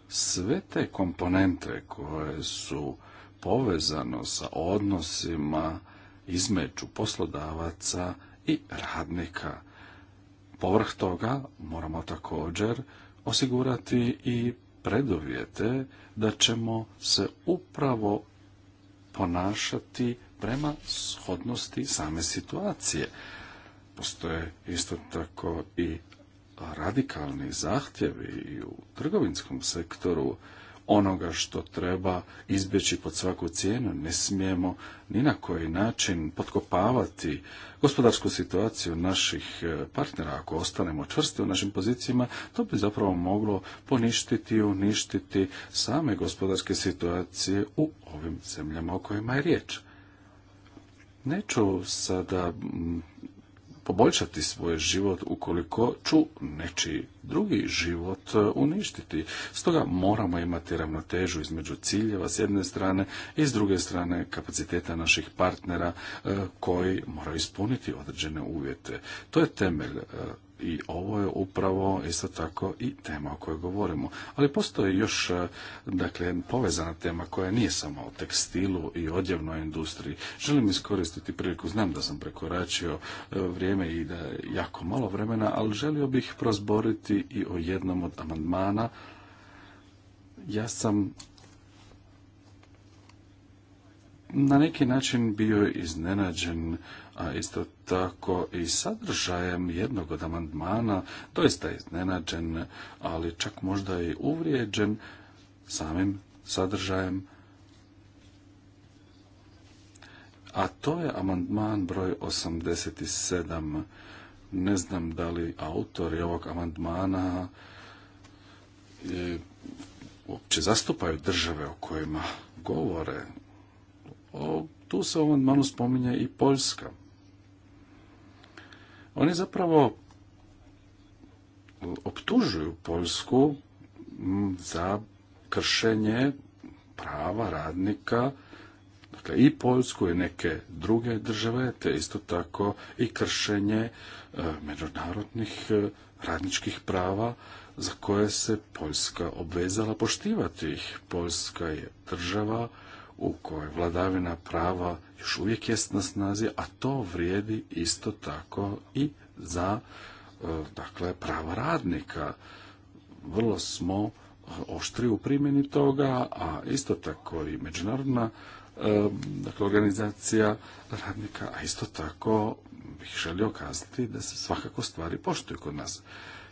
sve te komponente koje su povezano sa odnosima između poslodavaca i radnika. Povrh toga moramo također osigurati i preduvjete da ćemo se upravo ponašati prema shodnosti same situacije. Postoje isto tako i radikalni zahtjevi u trgovinskom sektoru onoga što treba izbjeći pod svaku cijenu. Ne smijemo ni na koji način potkopavati gospodarsku situaciju naših e, partnera. Ako ostanemo čvrsti u našim pozicijama, to bi zapravo moglo poništiti i uništiti same gospodarske situacije u ovim zemljama o kojima je riječ. Neću sada poboljšati svoj život ukoliko ću nečiji drugi život e, uništiti. Stoga moramo imati ravnotežu između ciljeva s jedne strane i s druge strane kapaciteta naših partnera e, koji moraju ispuniti određene uvjete. To je temelj e, i ovo je upravo isto tako i tema o kojoj govorimo. Ali postoji još e, dakle, povezana tema koja nije samo o tekstilu i odjevnoj industriji. Želim iskoristiti priliku, znam da sam prekoračio e, vrijeme i da je jako malo vremena, ali želio bih prozboriti i o jednom od amandmana. Ja sam na neki način bio iznenađen a isto tako i sadržajem jednog od amandmana, doista je iznenađen, ali čak možda i uvrijeđen samim sadržajem, a to je amandman broj 87. Ne znam da li autori ovog amandmana uopće zastupaju države o kojima govore. O, tu se u amandmanu spominje i Poljska. Oni zapravo optužuju Poljsku za kršenje prava radnika dakle i Poljsku i neke druge države, te isto tako i kršenje e, međunarodnih e, radničkih prava za koje se Poljska obvezala poštivati ih. Poljska je država u kojoj vladavina prava još uvijek jest na snazi, a to vrijedi isto tako i za e, dakle, prava radnika. Vrlo smo e, oštri u primjeni toga, a isto tako i međunarodna e, dakle, organizacija radnika, a isto tako bih želio kazati da se svakako stvari poštuju kod nas.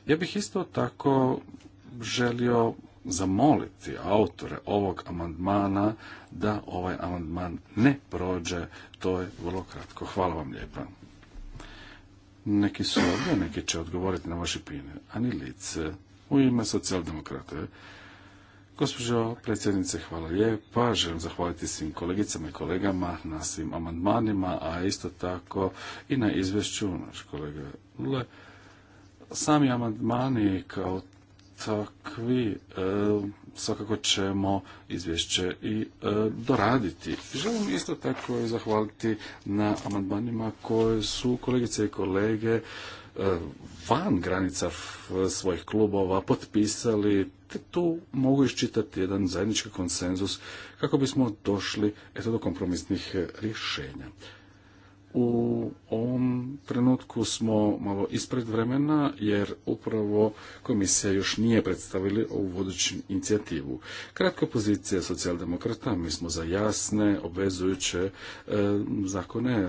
Ja bih isto tako želio zamoliti autore ovog amandmana da ovaj amandman ne prođe. To je vrlo kratko. Hvala vam lijepa. Neki su ovdje, neki će odgovoriti na vaše pine. Ani lice, u ime socijaldemokrate. Gospođo predsjednice, hvala lijepa. Želim zahvaliti svim kolegicama i kolegama na svim amandmanima, a isto tako i na izvješću naš kolega Lule. Sami amandmani kao takvi e, svakako ćemo izvješće i e, doraditi. Želim isto tako i zahvaliti na amandmanima koje su kolegice i kolege e, van granica svojih klubova potpisali, te tu mogu iščitati jedan zajednički konsenzus kako bismo došli eto, do kompromisnih rješenja u ovom trenutku smo malo ispred vremena jer upravo komisija još nije predstavila ovu vodeću inicijativu. Kratka pozicija socijaldemokrata, mi smo za jasne, obvezujuće e, zakone e,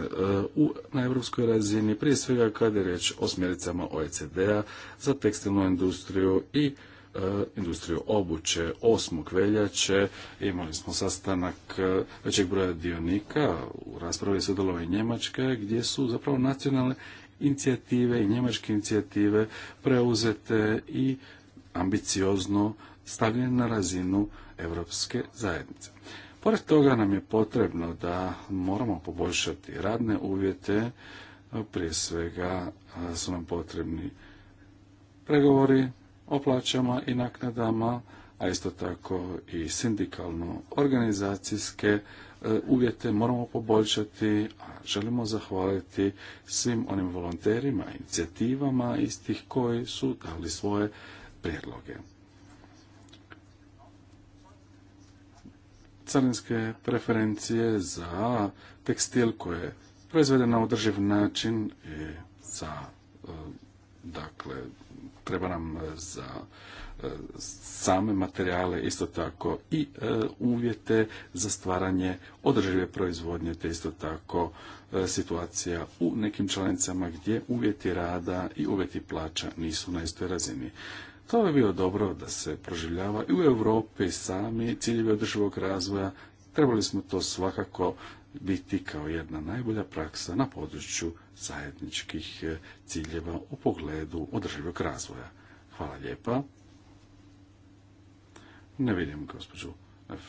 u, na europskoj razini, prije svega kada je riječ o smjericama OECD-a za tekstilnu industriju i E, industriju obuće 8. veljače. Imali smo sastanak e, većeg broja dionika, u raspravi je i Njemačka, gdje su zapravo nacionalne inicijative i njemačke inicijative preuzete i ambiciozno stavljene na razinu evropske zajednice. Pored toga nam je potrebno da moramo poboljšati radne uvjete, prije svega su nam potrebni pregovori o plaćama i naknadama, a isto tako i sindikalno organizacijske e, uvjete moramo poboljšati, a želimo zahvaliti svim onim volonterima, inicijativama istih koji su dali svoje prijedloge. Carinske preferencije za tekstil koje je proizveden na održiv način za e, dakle treba nam e, za e, same materijale, isto tako i e, uvjete za stvaranje održive proizvodnje, te isto tako situacija u nekim članicama gdje uvjeti rada i uvjeti plaća nisu na istoj razini. To je bilo dobro da se proživljava i u Europi sami ciljevi održivog razvoja. Trebali smo to svakako biti kao jedna najbolja praksa na području zajedničkih e, ciljeva u pogledu održivog razvoja. Hvala lijepa. Ne vidim gospođu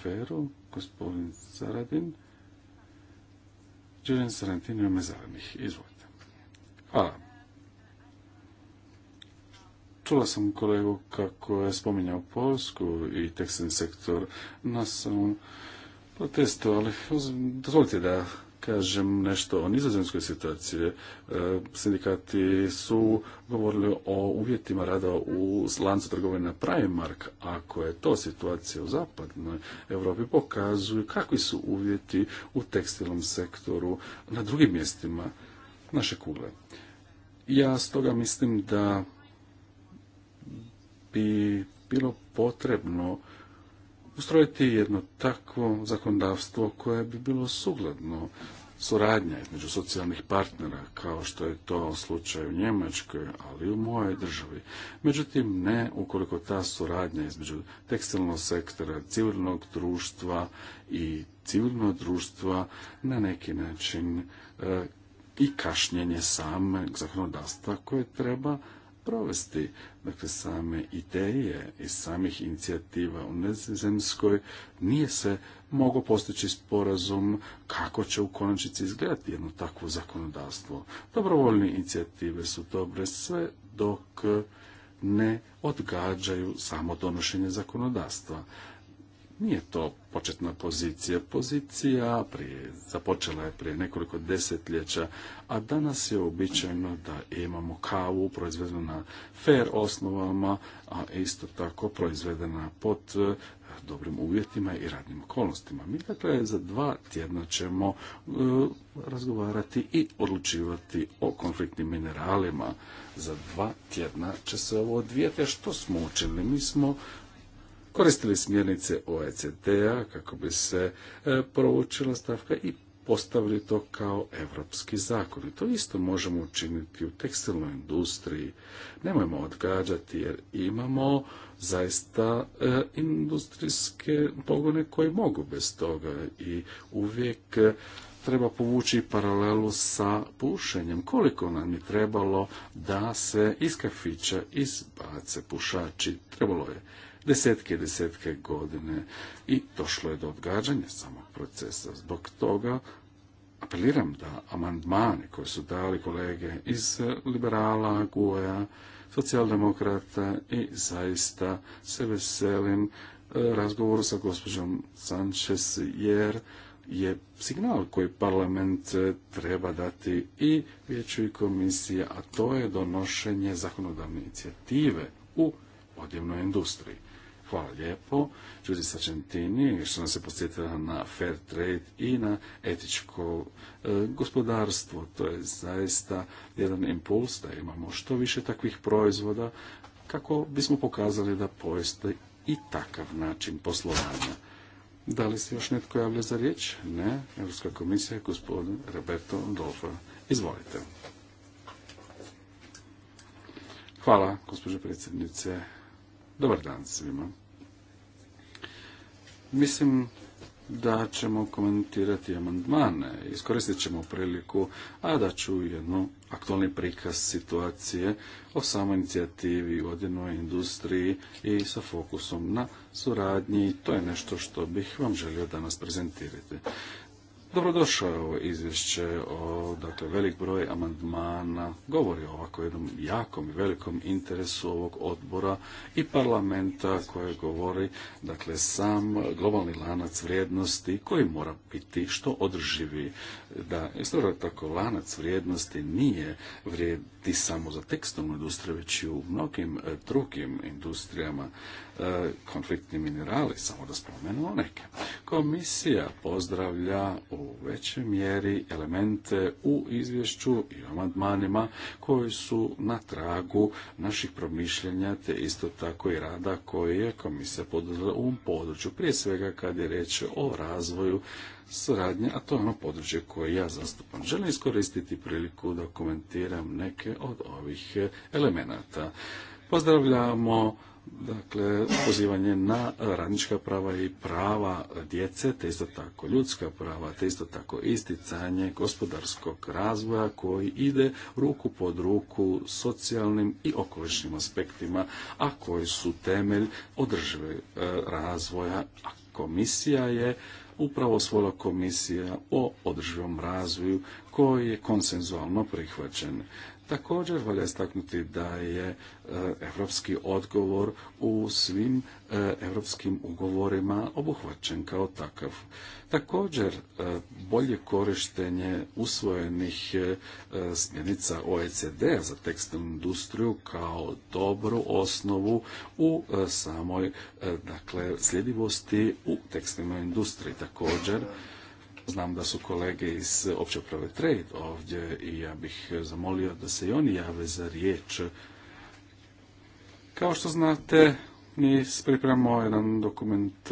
Feru, gospodin Saradin. Đuren Sarantin je mezarnih. Izvolite. Hvala. Čula sam kolegu kako je spominjao Polsku i tekstilni sektor na samom protestu, ali dozvolite da kažem nešto o nizozemskoj situaciji. E, sindikati su govorili o uvjetima rada u lancu trgovine Primark. Ako je to situacija u zapadnoj Europi, pokazuju kakvi su uvjeti u tekstilnom sektoru na drugim mjestima naše kugle. Ja stoga mislim da bi bilo potrebno ustrojiti jedno takvo zakonodavstvo koje bi bilo sugledno suradnja između socijalnih partnera, kao što je to slučaj u Njemačkoj, ali i u mojoj državi. Međutim, ne ukoliko ta suradnja između tekstilnog sektora, civilnog društva i civilnog društva na neki način e, i kašnjenje samog zakonodavstva koje treba provesti. Dakle, same ideje i samih inicijativa u Nezemskoj nije se mogao postići sporazum kako će u konačnici izgledati jedno takvo zakonodavstvo. Dobrovoljne inicijative su dobre sve dok ne odgađaju samo donošenje zakonodavstva. Nije to početna pozicija. Pozicija prije, započela je prije nekoliko desetljeća, a danas je običajno da imamo kavu proizvedenu na fair osnovama, a isto tako proizvedena pod eh, dobrim uvjetima i radnim okolnostima. Mi dakle za dva tjedna ćemo eh, razgovarati i odlučivati o konfliktnim mineralima. Za dva tjedna će se ovo odvijati. što smo učili? Mi smo koristili smjernice OECD-a kako bi se e, proučila stavka i postavili to kao evropski zakon. I to isto možemo učiniti u tekstilnoj industriji. Nemojmo odgađati jer imamo zaista e, industrijske pogone koje mogu bez toga i uvijek e, treba povući paralelu sa pušenjem. Koliko nam je trebalo da se iz kafića izbace pušači? Trebalo je desetke i desetke godine i došlo je do odgađanja samog procesa. Zbog toga apeliram da amandmane koje su dali kolege iz eh, liberala, guja, socijaldemokrata i zaista se veselim eh, razgovoru sa gospođom Sanchez jer je signal koji parlament eh, treba dati i vijeću i komisije, a to je donošenje zakonodavne inicijative u odjevnoj industriji. Hvala lijepo. Đuri Sačentini, što nas se posjetila na fair trade i na etičko e, gospodarstvo. To je zaista jedan impuls da imamo što više takvih proizvoda kako bismo pokazali da postoji i takav način poslovanja. Da li se još netko javlja za riječ? Ne. Europska komisija, gospodin Roberto Dolfa. Izvolite. Hvala, gospođo predsjednice. Dobar dan svima. Mislim da ćemo komentirati amandmane. Iskoristit ćemo priliku, a da ću jednu aktualni prikaz situacije o samoj inicijativi u odjednoj industriji i sa fokusom na suradnji. To je nešto što bih vam želio danas prezentirati. Dobrodošao je ovo izvješće o, dakle, velik broj amandmana govori o ovako jednom jakom i velikom interesu ovog odbora i parlamenta koje govori, dakle, sam globalni lanac vrijednosti koji mora biti što održivi. Da, isto tako, lanac vrijednosti nije vrijedi samo za tekstovnu industriju, već i u mnogim e, drugim industrijama e, konfliktni minerali, samo da spomenuo neke. Komisija pozdravlja u većoj mjeri elemente u izvješću i amandmanima koji su na tragu naših promišljenja te isto tako i rada koji je komisija poduzela u ovom području. Prije svega kad je riječ o razvoju suradnje, a to je ono područje koje ja zastupam. Želim iskoristiti priliku da komentiram neke od ovih elemenata. Pozdravljamo dakle, pozivanje na radnička prava i prava djece, te isto tako ljudska prava, te isto tako isticanje gospodarskog razvoja koji ide ruku pod ruku socijalnim i okolišnim aspektima, a koji su temelj održive e, razvoja. A komisija je upravo svoja komisija o održivom razvoju koji je konsenzualno prihvaćen. Također valja istaknuti da je e, evropski odgovor u svim e, evropskim ugovorima obuhvaćen kao takav. Također e, bolje korištenje usvojenih smjernica OECD za tekstilnu industriju kao dobru osnovu u samoj dakle sljedivosti u tekstilnoj industriji također Znam da su kolege iz opće prave Trade ovdje i ja bih zamolio da se i oni jave za riječ. Kao što znate, mi pripremamo jedan dokument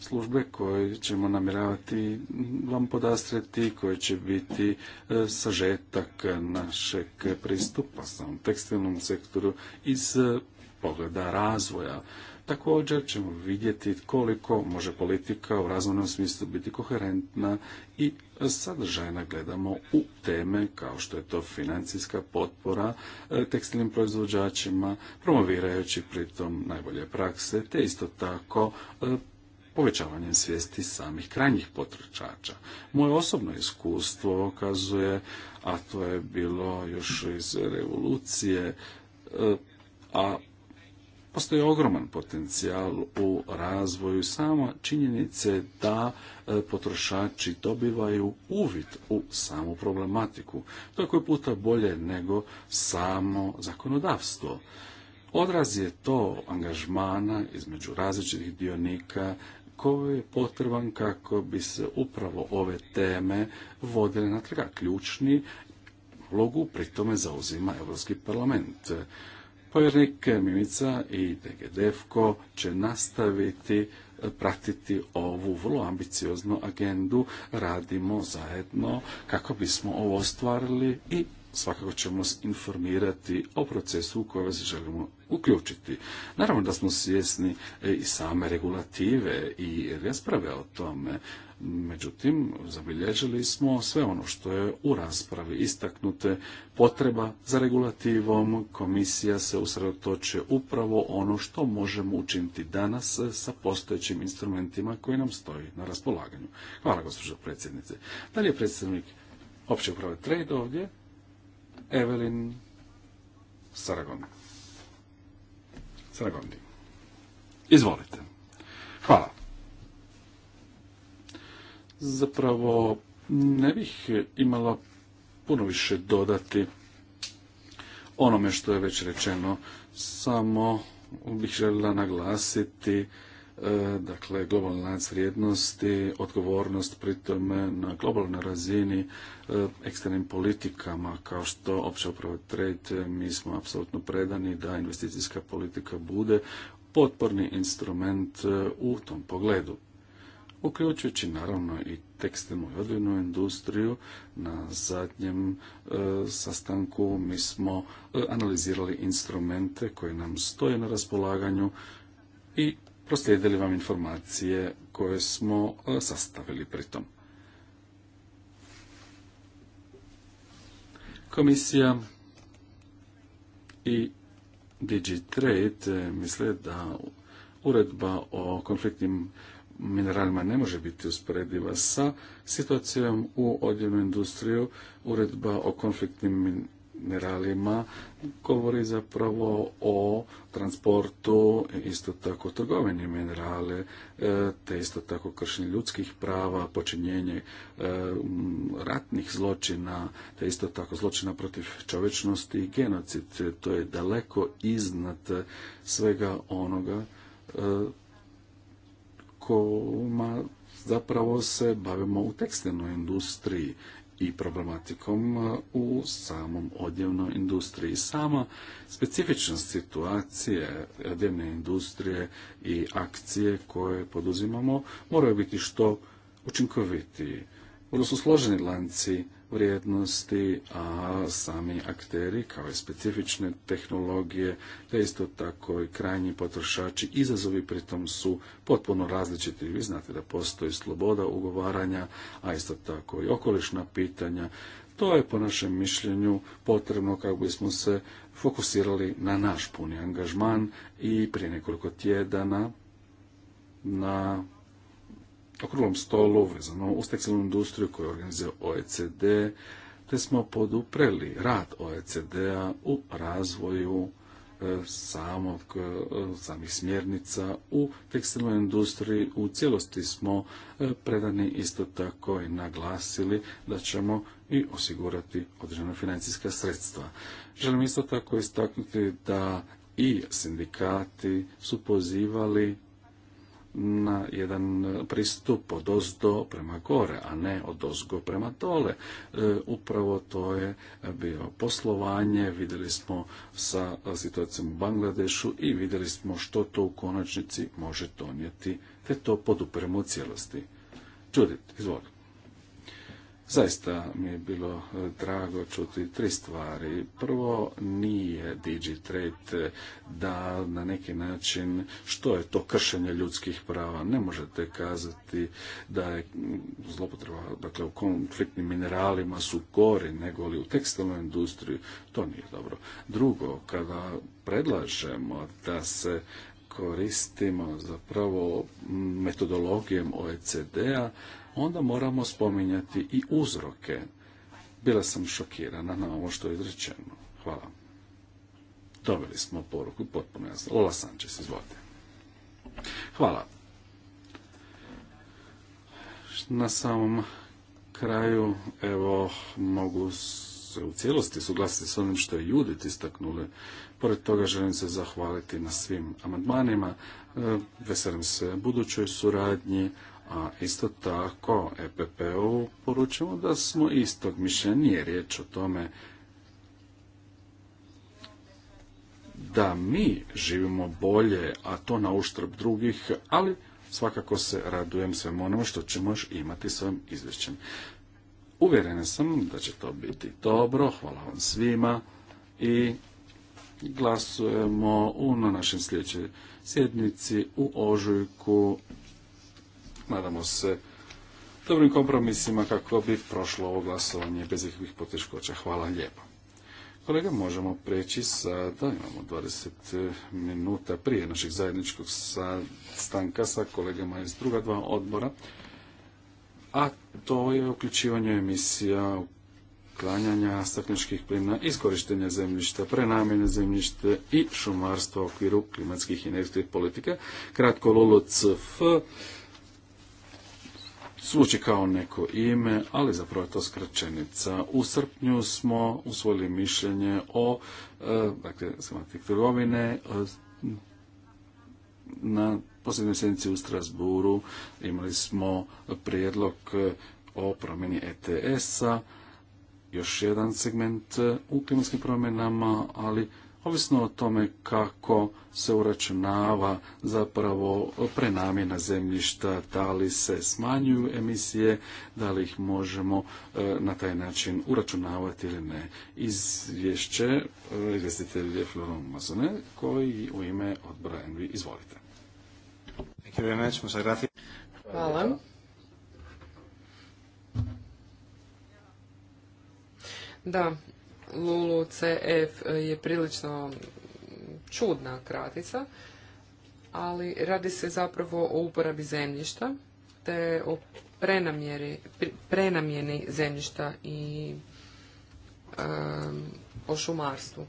službe koji ćemo namjeravati vam podastreti, koji će biti e, sažetak našeg pristupa sa tekstilnom sektoru iz e, pogleda razvoja Također ćemo vidjeti koliko može politika u razvojnom smislu biti koherentna i sadržajna gledamo u teme kao što je to financijska potpora e, tekstilnim proizvođačima, promovirajući pritom najbolje prakse, te isto tako e, povećavanjem svijesti samih krajnjih potrošača. Moje osobno iskustvo okazuje, a to je bilo još iz revolucije, e, a Postoji ogroman potencijal u razvoju samo činjenice da e, potrošači dobivaju uvid u samu problematiku. To je puta bolje nego samo zakonodavstvo. Odraz je to angažmana između različitih dionika koji je potreban kako bi se upravo ove teme vodile na traga ključni ulogu pri tome zauzima Europski parlament. Pojernik, Mimica i tegedevko će nastaviti pratiti ovu vrlo ambicioznu agendu. Radimo zajedno kako bismo ovo ostvarili i svakako ćemo se informirati o procesu u kojoj vas želimo uključiti. Naravno da smo svjesni e, i same regulative i rasprave o tome, međutim zabilježili smo sve ono što je u raspravi istaknute potreba za regulativom. Komisija se usredotočuje upravo ono što možemo učiniti danas sa postojećim instrumentima koji nam stoji na raspolaganju. Hvala gospođo predsjednice. Dalje predsjednik je predstavnik opće uprave trade ovdje? Evelin Saragon. Saragondi. Izvolite. Hvala. Zapravo ne bih imala puno više dodati onome što je već rečeno, samo bih željela naglasiti E, dakle globalni lanac vrijednosti, odgovornost pritom na globalnoj razini e, eksternim politikama kao što opće upravo trade, mi smo apsolutno predani da investicijska politika bude potporni instrument e, u tom pogledu uključujući naravno i tekstilnu i odvojnu industriju. Na zadnjem sastanku mi smo analizirali instrumente koji nam stoje na raspolaganju i proslijedili vam informacije koje smo e, sastavili pritom. Komisija i DigiTrade e, misle da uredba o konfliktnim mineralima ne može biti usporediva sa situacijom u odjevnu industriju. Uredba o konfliktnim mineralima govori zapravo o transportu, isto tako trgovini minerale, e, te isto tako kršenje ljudskih prava, počinjenje e, ratnih zločina, te isto tako zločina protiv čovečnosti i genocid. To je daleko iznad svega onoga e, koma zapravo se bavimo u tekstilnoj industriji i problematikom e, u samom odjevnoj industriji. Sama specifična situacije e, odjevne industrije i akcije koje poduzimamo moraju biti što učinkovitiji. odnosno složeni lanci vrijednosti, a sami akteri kao i specifične tehnologije, te isto tako i krajnji potrošači, izazovi pritom su potpuno različiti. Vi znate da postoji sloboda ugovaranja, a isto tako i okolišna pitanja. To je po našem mišljenju potrebno kako bismo se fokusirali na naš puni angažman i prije nekoliko tjedana na okruglom stolu vezano uz tekstilnu industriju koju organizuje OECD, te smo podupreli rad OECD-a u razvoju e, samog, e, samih smjernica u tekstilnoj industriji. U cijelosti smo e, predani isto tako i naglasili da ćemo i osigurati određena financijska sredstva. Želim isto tako istaknuti da i sindikati su pozivali na jedan pristup od ozdo prema gore, a ne od ozgo prema dole. E, upravo to je bio poslovanje, vidjeli smo sa situacijom u Bangladešu i vidjeli smo što to u konačnici može donijeti, te to podupremo u cijelosti. Judith, izvolite. Zaista mi je bilo e, drago čuti tri stvari. Prvo, nije Digitrade da na neki način što je to kršenje ljudskih prava. Ne možete kazati da je zlopotreba, dakle u konfliktnim mineralima su gori nego li u tekstilnoj industriji. To nije dobro. Drugo, kada predlažemo da se koristimo zapravo metodologijom OECD-a, onda moramo spominjati i uzroke. Bila sam šokirana na ovo što je izrečeno. Hvala. Dobili smo poruku potpuno jasno. Lola se izvolite. Hvala. Na samom kraju, evo, mogu se u cijelosti suglasiti s onim što je Judit istaknuli. Pored toga želim se zahvaliti na svim amandmanima. E, veselim se budućoj suradnji, a isto tako EPP-u poručujemo da smo istog mišljenja, nije riječ o tome da mi živimo bolje, a to na uštrb drugih, ali svakako se radujem svemu onome što ćemo još imati s ovim izvješćem. Uvjerena sam da će to biti dobro, hvala vam svima i glasujemo na našem sljedećoj sjednici u ožujku nadamo se dobrim kompromisima kako bi prošlo ovo glasovanje bez ikakvih poteškoća. Hvala lijepo. Kolega, možemo preći sada, imamo 20 minuta prije našeg zajedničkog stanka sa kolegama iz druga dva odbora, a to je uključivanje emisija uklanjanja stakleničkih plina, iskorištenja zemljišta, prenamjene zemljišta i šumarstva u okviru klimatskih i energetskih politika. Kratko LULU-CF zvuči kao neko ime, ali zapravo je to skraćenica. U srpnju smo usvojili mišljenje o e, dakle, trgovine e, na posljednjoj sjednici u Strasburu imali smo prijedlog o promjeni ETS-a, još jedan segment u klimatskim promjenama, ali ovisno o tome kako se uračunava zapravo prenamjena zemljišta, da li se smanjuju emisije, da li ih možemo e, na taj način uračunavati ili ne. Izvješće e, izvjestitelj je koji u ime odbora Envi izvolite. Hvala. Da, Lulu CF je prilično čudna kratica, ali radi se zapravo o uporabi zemljišta, te o prenamjeni zemljišta i o šumarstvu.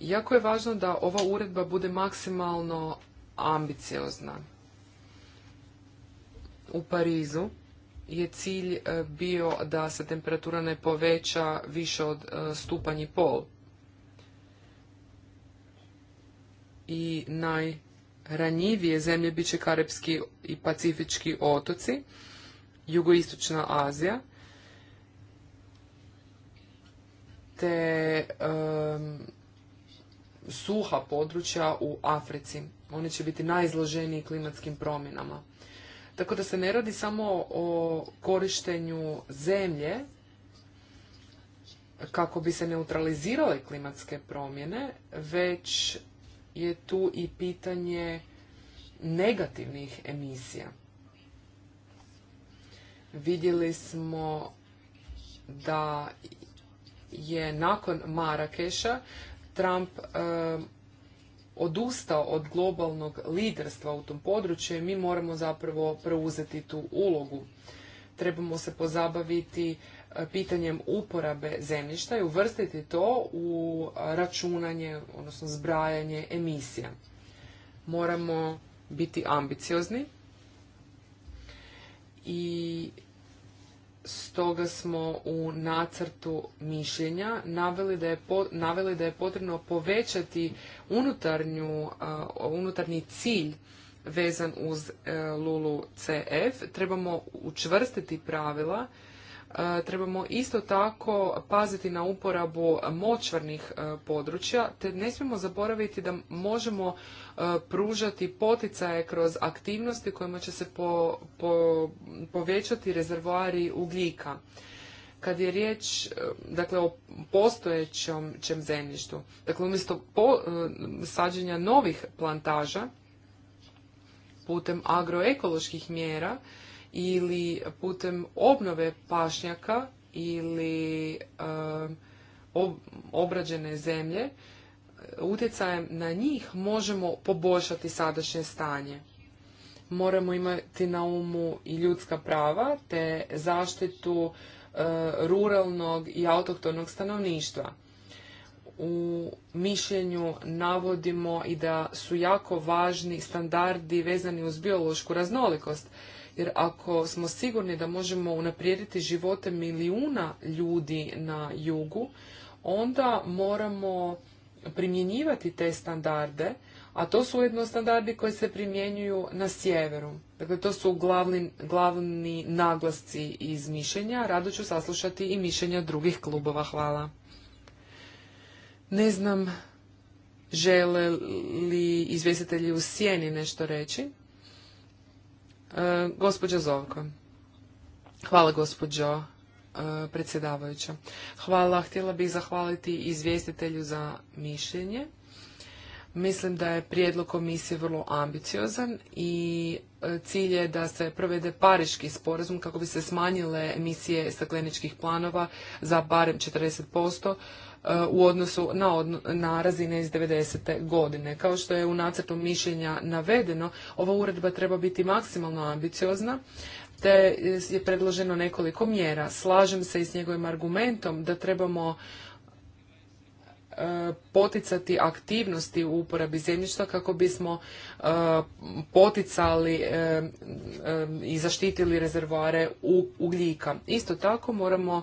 Jako je važno da ova uredba bude maksimalno ambiciozna. U Parizu je cilj e, bio da se temperatura ne poveća više od e, stupanj i pol. I najranjivije zemlje bit će Karepski i Pacifički otoci, jugoistočna Azija, te suha područja u Africi. Oni će biti najizloženiji klimatskim promjenama. Tako da se ne radi samo o korištenju zemlje kako bi se neutralizirale klimatske promjene, već je tu i pitanje negativnih emisija. Vidjeli smo da je nakon Marakeša Trump eh, odustao od globalnog liderstva u tom području i mi moramo zapravo preuzeti tu ulogu. Trebamo se pozabaviti e, pitanjem uporabe zemljišta i uvrstiti to u e, računanje, odnosno zbrajanje emisija. Moramo biti ambiciozni i Stoga smo u nacrtu mišljenja naveli da je, potrebno povećati unutarnju, unutarnji cilj vezan uz e, Lulu CF. Trebamo učvrstiti pravila, e, trebamo isto tako paziti na uporabu močvarnih e, područja, te ne smijemo zaboraviti da možemo E, pružati poticaje kroz aktivnosti kojima će se po, povećati rezervoari ugljika. Kad je riječ e, dakle, o postojećem čem zemljištu, dakle umjesto po, e, sađenja novih plantaža putem agroekoloških mjera ili putem obnove pašnjaka ili obrađene zemlje utjecajem na njih možemo poboljšati sadašnje stanje. Moramo imati na umu i ljudska prava te zaštitu e, ruralnog i autohtonog stanovništva. U mišljenju navodimo i da su jako važni standardi vezani uz biološku raznolikost jer ako smo sigurni da možemo unaprijediti živote milijuna ljudi na jugu, onda moramo primjenjivati te standarde, a to su ujedno standardi koji se primjenjuju na sjeveru. Dakle, to su glavni, glavni naglasci iz mišljenja. Rado ću saslušati i mišljenja drugih klubova. Hvala. Ne znam žele li izvjestitelji u sjeni nešto reći. E, gospođa Zovko. Hvala gospođo E, predsjedavajuća. Hvala, htjela bih zahvaliti izvjestitelju za mišljenje. Mislim da je prijedlog komisije vrlo ambiciozan i e, cilj je da se provede pariški sporazum kako bi se smanjile emisije stakleničkih planova za barem 40% e, u odnosu na, na razine iz 90. godine. Kao što je u nacrtu mišljenja navedeno, ova uredba treba biti maksimalno ambiciozna te je predloženo nekoliko mjera. Slažem se i s njegovim argumentom da trebamo e, poticati aktivnosti u uporabi zemljišta kako bismo e, poticali e, i zaštitili rezervoare ugljika. Isto tako moramo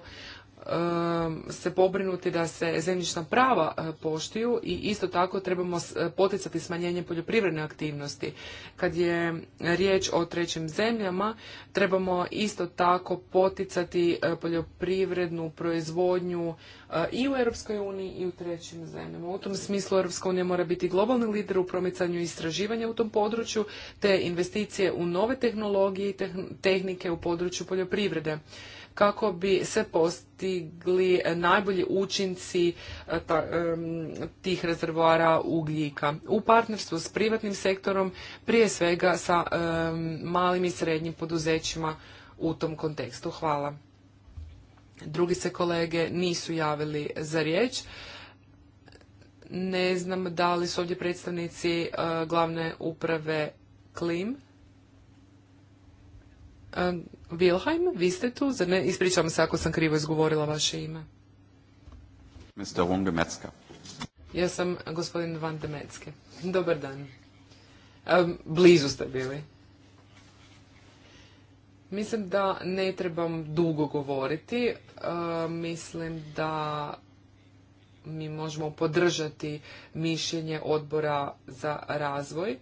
Um, se pobrinuti da se zemljišna prava uh, poštuju i isto tako trebamo uh, poticati smanjenje poljoprivredne aktivnosti. Kad je riječ o trećim zemljama, trebamo isto tako poticati uh, poljoprivrednu proizvodnju i u Europskoj uniji i u trećim zemljama. U tom smislu Europska unija mora biti globalni lider u promicanju istraživanja u tom području, te investicije u nove tehnologije i tehnike u području poljoprivrede kako bi se postigli najbolji učinci e, tih rezervoara ugljika. U partnerstvu s privatnim sektorom, prije svega sa malim i srednjim poduzećima u tom kontekstu. Hvala. Drugi se kolege nisu javili za riječ. Ne znam da li su ovdje predstavnici e, glavne uprave Klim. Wilhelm, vi ste tu, zar ne? Ispričavam se ako sam krivo izgovorila vaše ime. Mr. Ja sam gospodin Van de Metzke. Dobar dan. blizu ste bili. Mislim da ne trebam dugo govoriti. mislim da mi možemo podržati mišljenje odbora za razvoj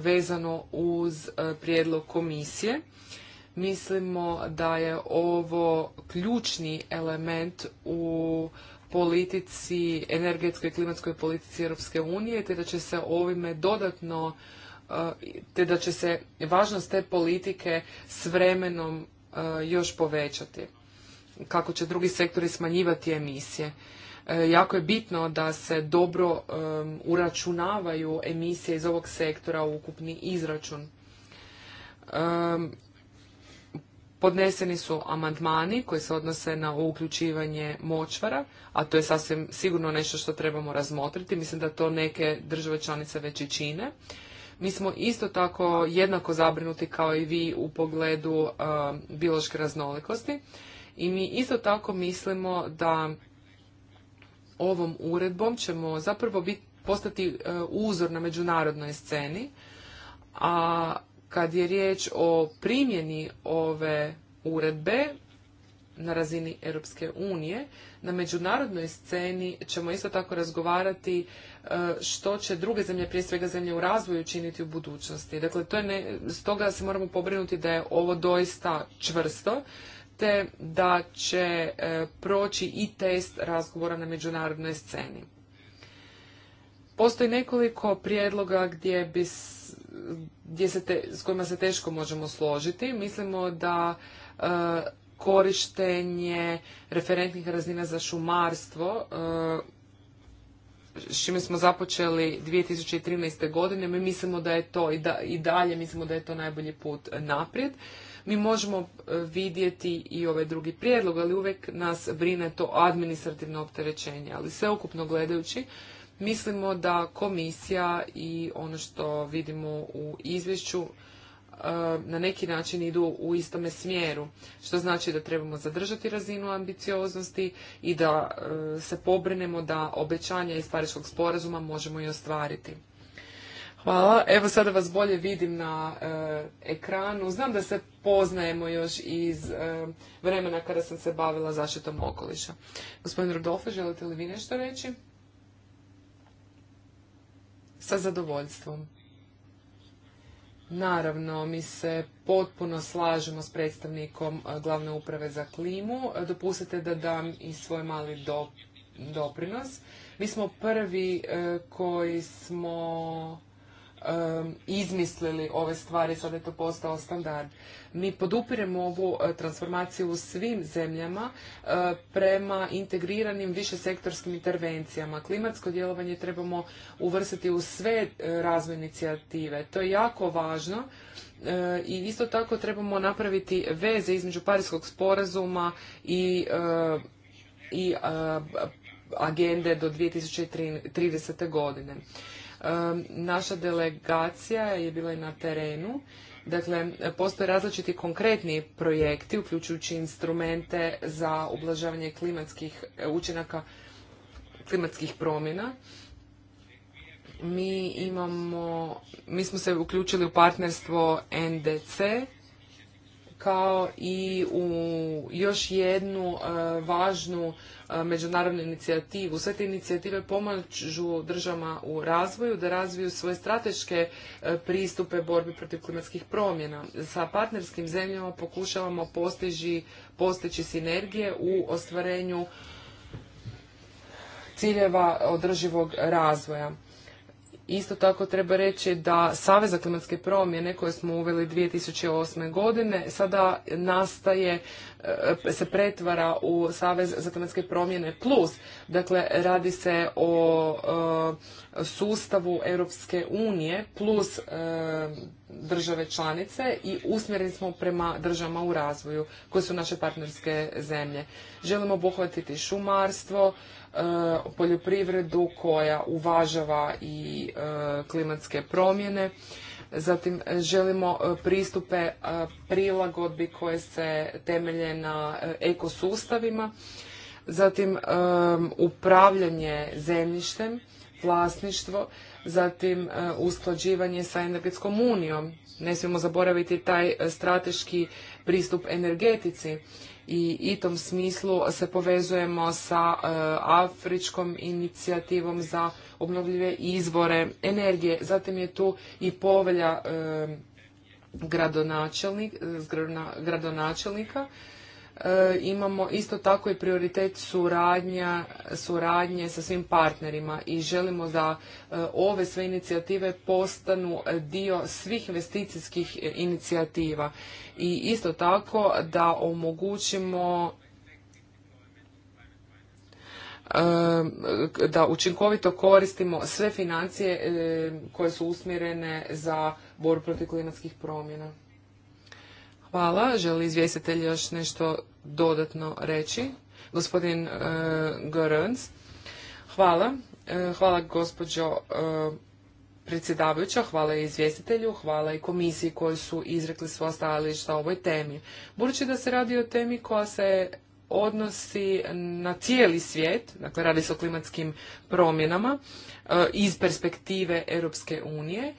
vezano uz e, prijedlog komisije. Mislimo da je ovo ključni element u politici, energetskoj i klimatskoj politici Europske unije, te da će se ovime dodatno, e, te da će se važnost te politike s vremenom e, još povećati, kako će drugi sektori smanjivati emisije. E, jako je bitno da se dobro uračunavaju emisije iz ovog sektora u ukupni izračun. Podneseni su amandmani koji se odnose na uključivanje močvara, a to je sasvim sigurno nešto što trebamo razmotriti. Mislim da to neke države članice već i čine. Mi smo isto tako jednako zabrinuti kao i vi u pogledu biološke raznolikosti i mi isto tako mislimo da ovom uredbom ćemo zapravo postati e, uzor na međunarodnoj sceni, a kad je riječ o primjeni ove uredbe na razini Europske unije, na međunarodnoj sceni ćemo isto tako razgovarati e, što će druge zemlje, prije svega zemlje u razvoju, činiti u budućnosti. Dakle, to je stoga se moramo pobrinuti da je ovo doista čvrsto, te da će e, proći i test razgovora na međunarodnoj sceni. Postoji nekoliko prijedloga gdje bi gdje se s kojima se teško možemo složiti. Mislimo da e, korištenje referentnih razina za šumarstvo, e, s čime smo započeli 2013. godine, mi mislimo da je to i, da, i dalje mislimo da je to najbolji put naprijed. Mi možemo e, vidjeti i ovaj drugi prijedlog, ali uvijek nas brine to administrativno opterećenje. Ali sveukupno gledajući, mislimo da komisija i ono što vidimo u izvješću e, na neki način idu u istome smjeru, što znači da trebamo zadržati razinu ambicioznosti i da e, se pobrinemo da obećanja iz Pariškog sporazuma možemo i ostvariti. Hvala. Evo sada vas bolje vidim na e, ekranu. Znam da se poznajemo još iz e, vremena kada sam se bavila zaštitom okoliša. Gospodin Rodolfo, želite li vi nešto reći? Sa zadovoljstvom. Naravno, mi se potpuno slažemo s predstavnikom e, glavne uprave za klimu. Dopustite da dam i svoj mali doprinos. Mi smo prvi koji smo izmislili ove stvari, sada je to postao standard. Mi podupiremo ovu e, transformaciju u svim zemljama e, prema integriranim višesektorskim intervencijama. Klimatsko djelovanje trebamo uvrstiti u sve e, razvojne inicijative. To je jako važno i isto tako trebamo napraviti veze između Parijskog sporazuma i, i agende do 2030. godine. Naša delegacija je bila i na terenu. Dakle, postoje različiti konkretni projekti, uključujući instrumente za ublažavanje klimatskih e, učinaka klimatskih promjena. Mi imamo, mi smo se uključili u partnerstvo NDC, kao i u još jednu e, važnu e, međunarodnu inicijativu. Sve te inicijative pomažu državama u razvoju da razviju svoje strateške e, pristupe borbi protiv klimatskih promjena. Sa partnerskim zemljama pokušavamo postići sinergije u ostvarenju ciljeva održivog razvoja. Isto tako treba reći da Savez za klimatske promjene koje smo uveli 2008. godine sada nastaje E, se pretvara u Savez za klimatske promjene plus. Dakle, radi se o e, sustavu Europske unije plus e, države članice i usmjereni smo prema državama u razvoju koje su naše partnerske zemlje. Želimo obuhvatiti šumarstvo, poljoprivredu koja uvažava i klimatske promjene Zatim e, želimo e, pristupe e, prilagodbi koje se temelje na ekosustavima. Zatim upravljanje zemljištem, vlasništvo, zatim usklađivanje sa energetskom unijom. Ne smijemo zaboraviti taj strateški pristup energetici i i tom smislu se povezujemo sa e, afričkom inicijativom za obnovljive izvore energije. Zatim je tu i povelja e, gradonačelnik, e, gradonačelnika E, imamo isto tako i prioritet suradnja, suradnje sa svim partnerima i želimo da e, ove sve inicijative postanu dio svih investicijskih inicijativa i isto tako da omogućimo e, da učinkovito koristimo sve financije koje su usmjerene za borbu protiv klimatskih promjena. Hvala. Želi izvjestitelj još nešto dodatno reći? Gospodin e, Hvala. E, hvala gospođo e, predsjedavajuća, hvala i izvjestitelju, hvala i komisiji koji su izrekli svoja stajališta o ovoj temi. Budući da se radi o temi koja se odnosi na cijeli svijet, dakle radi se o klimatskim promjenama, e, iz perspektive Europske unije, e,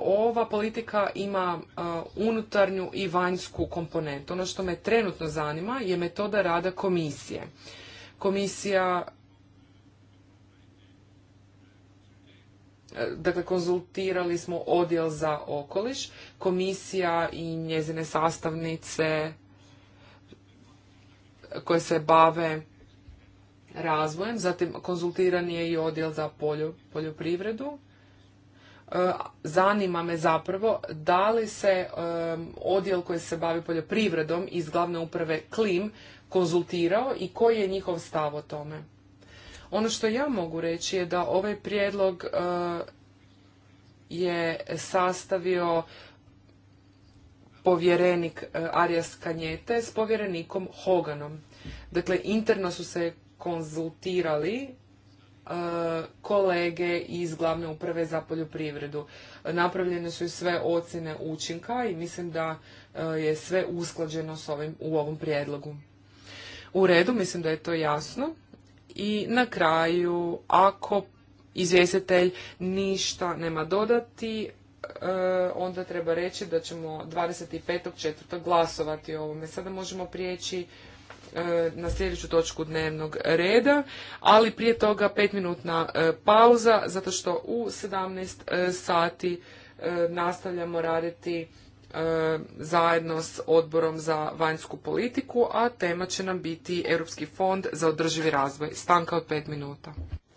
ova politika ima e, unutarnju i vanjsku komponentu. Ono što me trenutno zanima je metoda rada komisije. Komisija Dakle, konzultirali smo odjel za okoliš, komisija i njezine sastavnice koje se bave razvojem, zatim konzultiran je i odjel za poljoprivredu. E, zanima me zapravo da li se e, odjel koji se bavi poljoprivredom iz glavne uprave Klim konzultirao i koji je njihov stav o tome. Ono što ja mogu reći je da ovaj prijedlog e, je sastavio povjerenik e, Arias Kanjete s povjerenikom Hoganom. Dakle, interno su se konzultirali e, kolege iz glavne uprave za poljoprivredu. Napravljene su i sve ocjene učinka i mislim da e, je sve usklađeno s ovim, u ovom prijedlogu. U redu, mislim da je to jasno. I na kraju, ako izvjestitelj ništa nema dodati, E, onda treba reći da ćemo 25.4. glasovati o ovome. Sada možemo prijeći e, na sljedeću točku dnevnog reda, ali prije toga petminutna e, pauza, zato što u 17 sati nastavljamo raditi zajedno s odborom za vanjsku politiku, a tema će nam biti Europski fond za održivi razvoj. Stanka od pet minuta.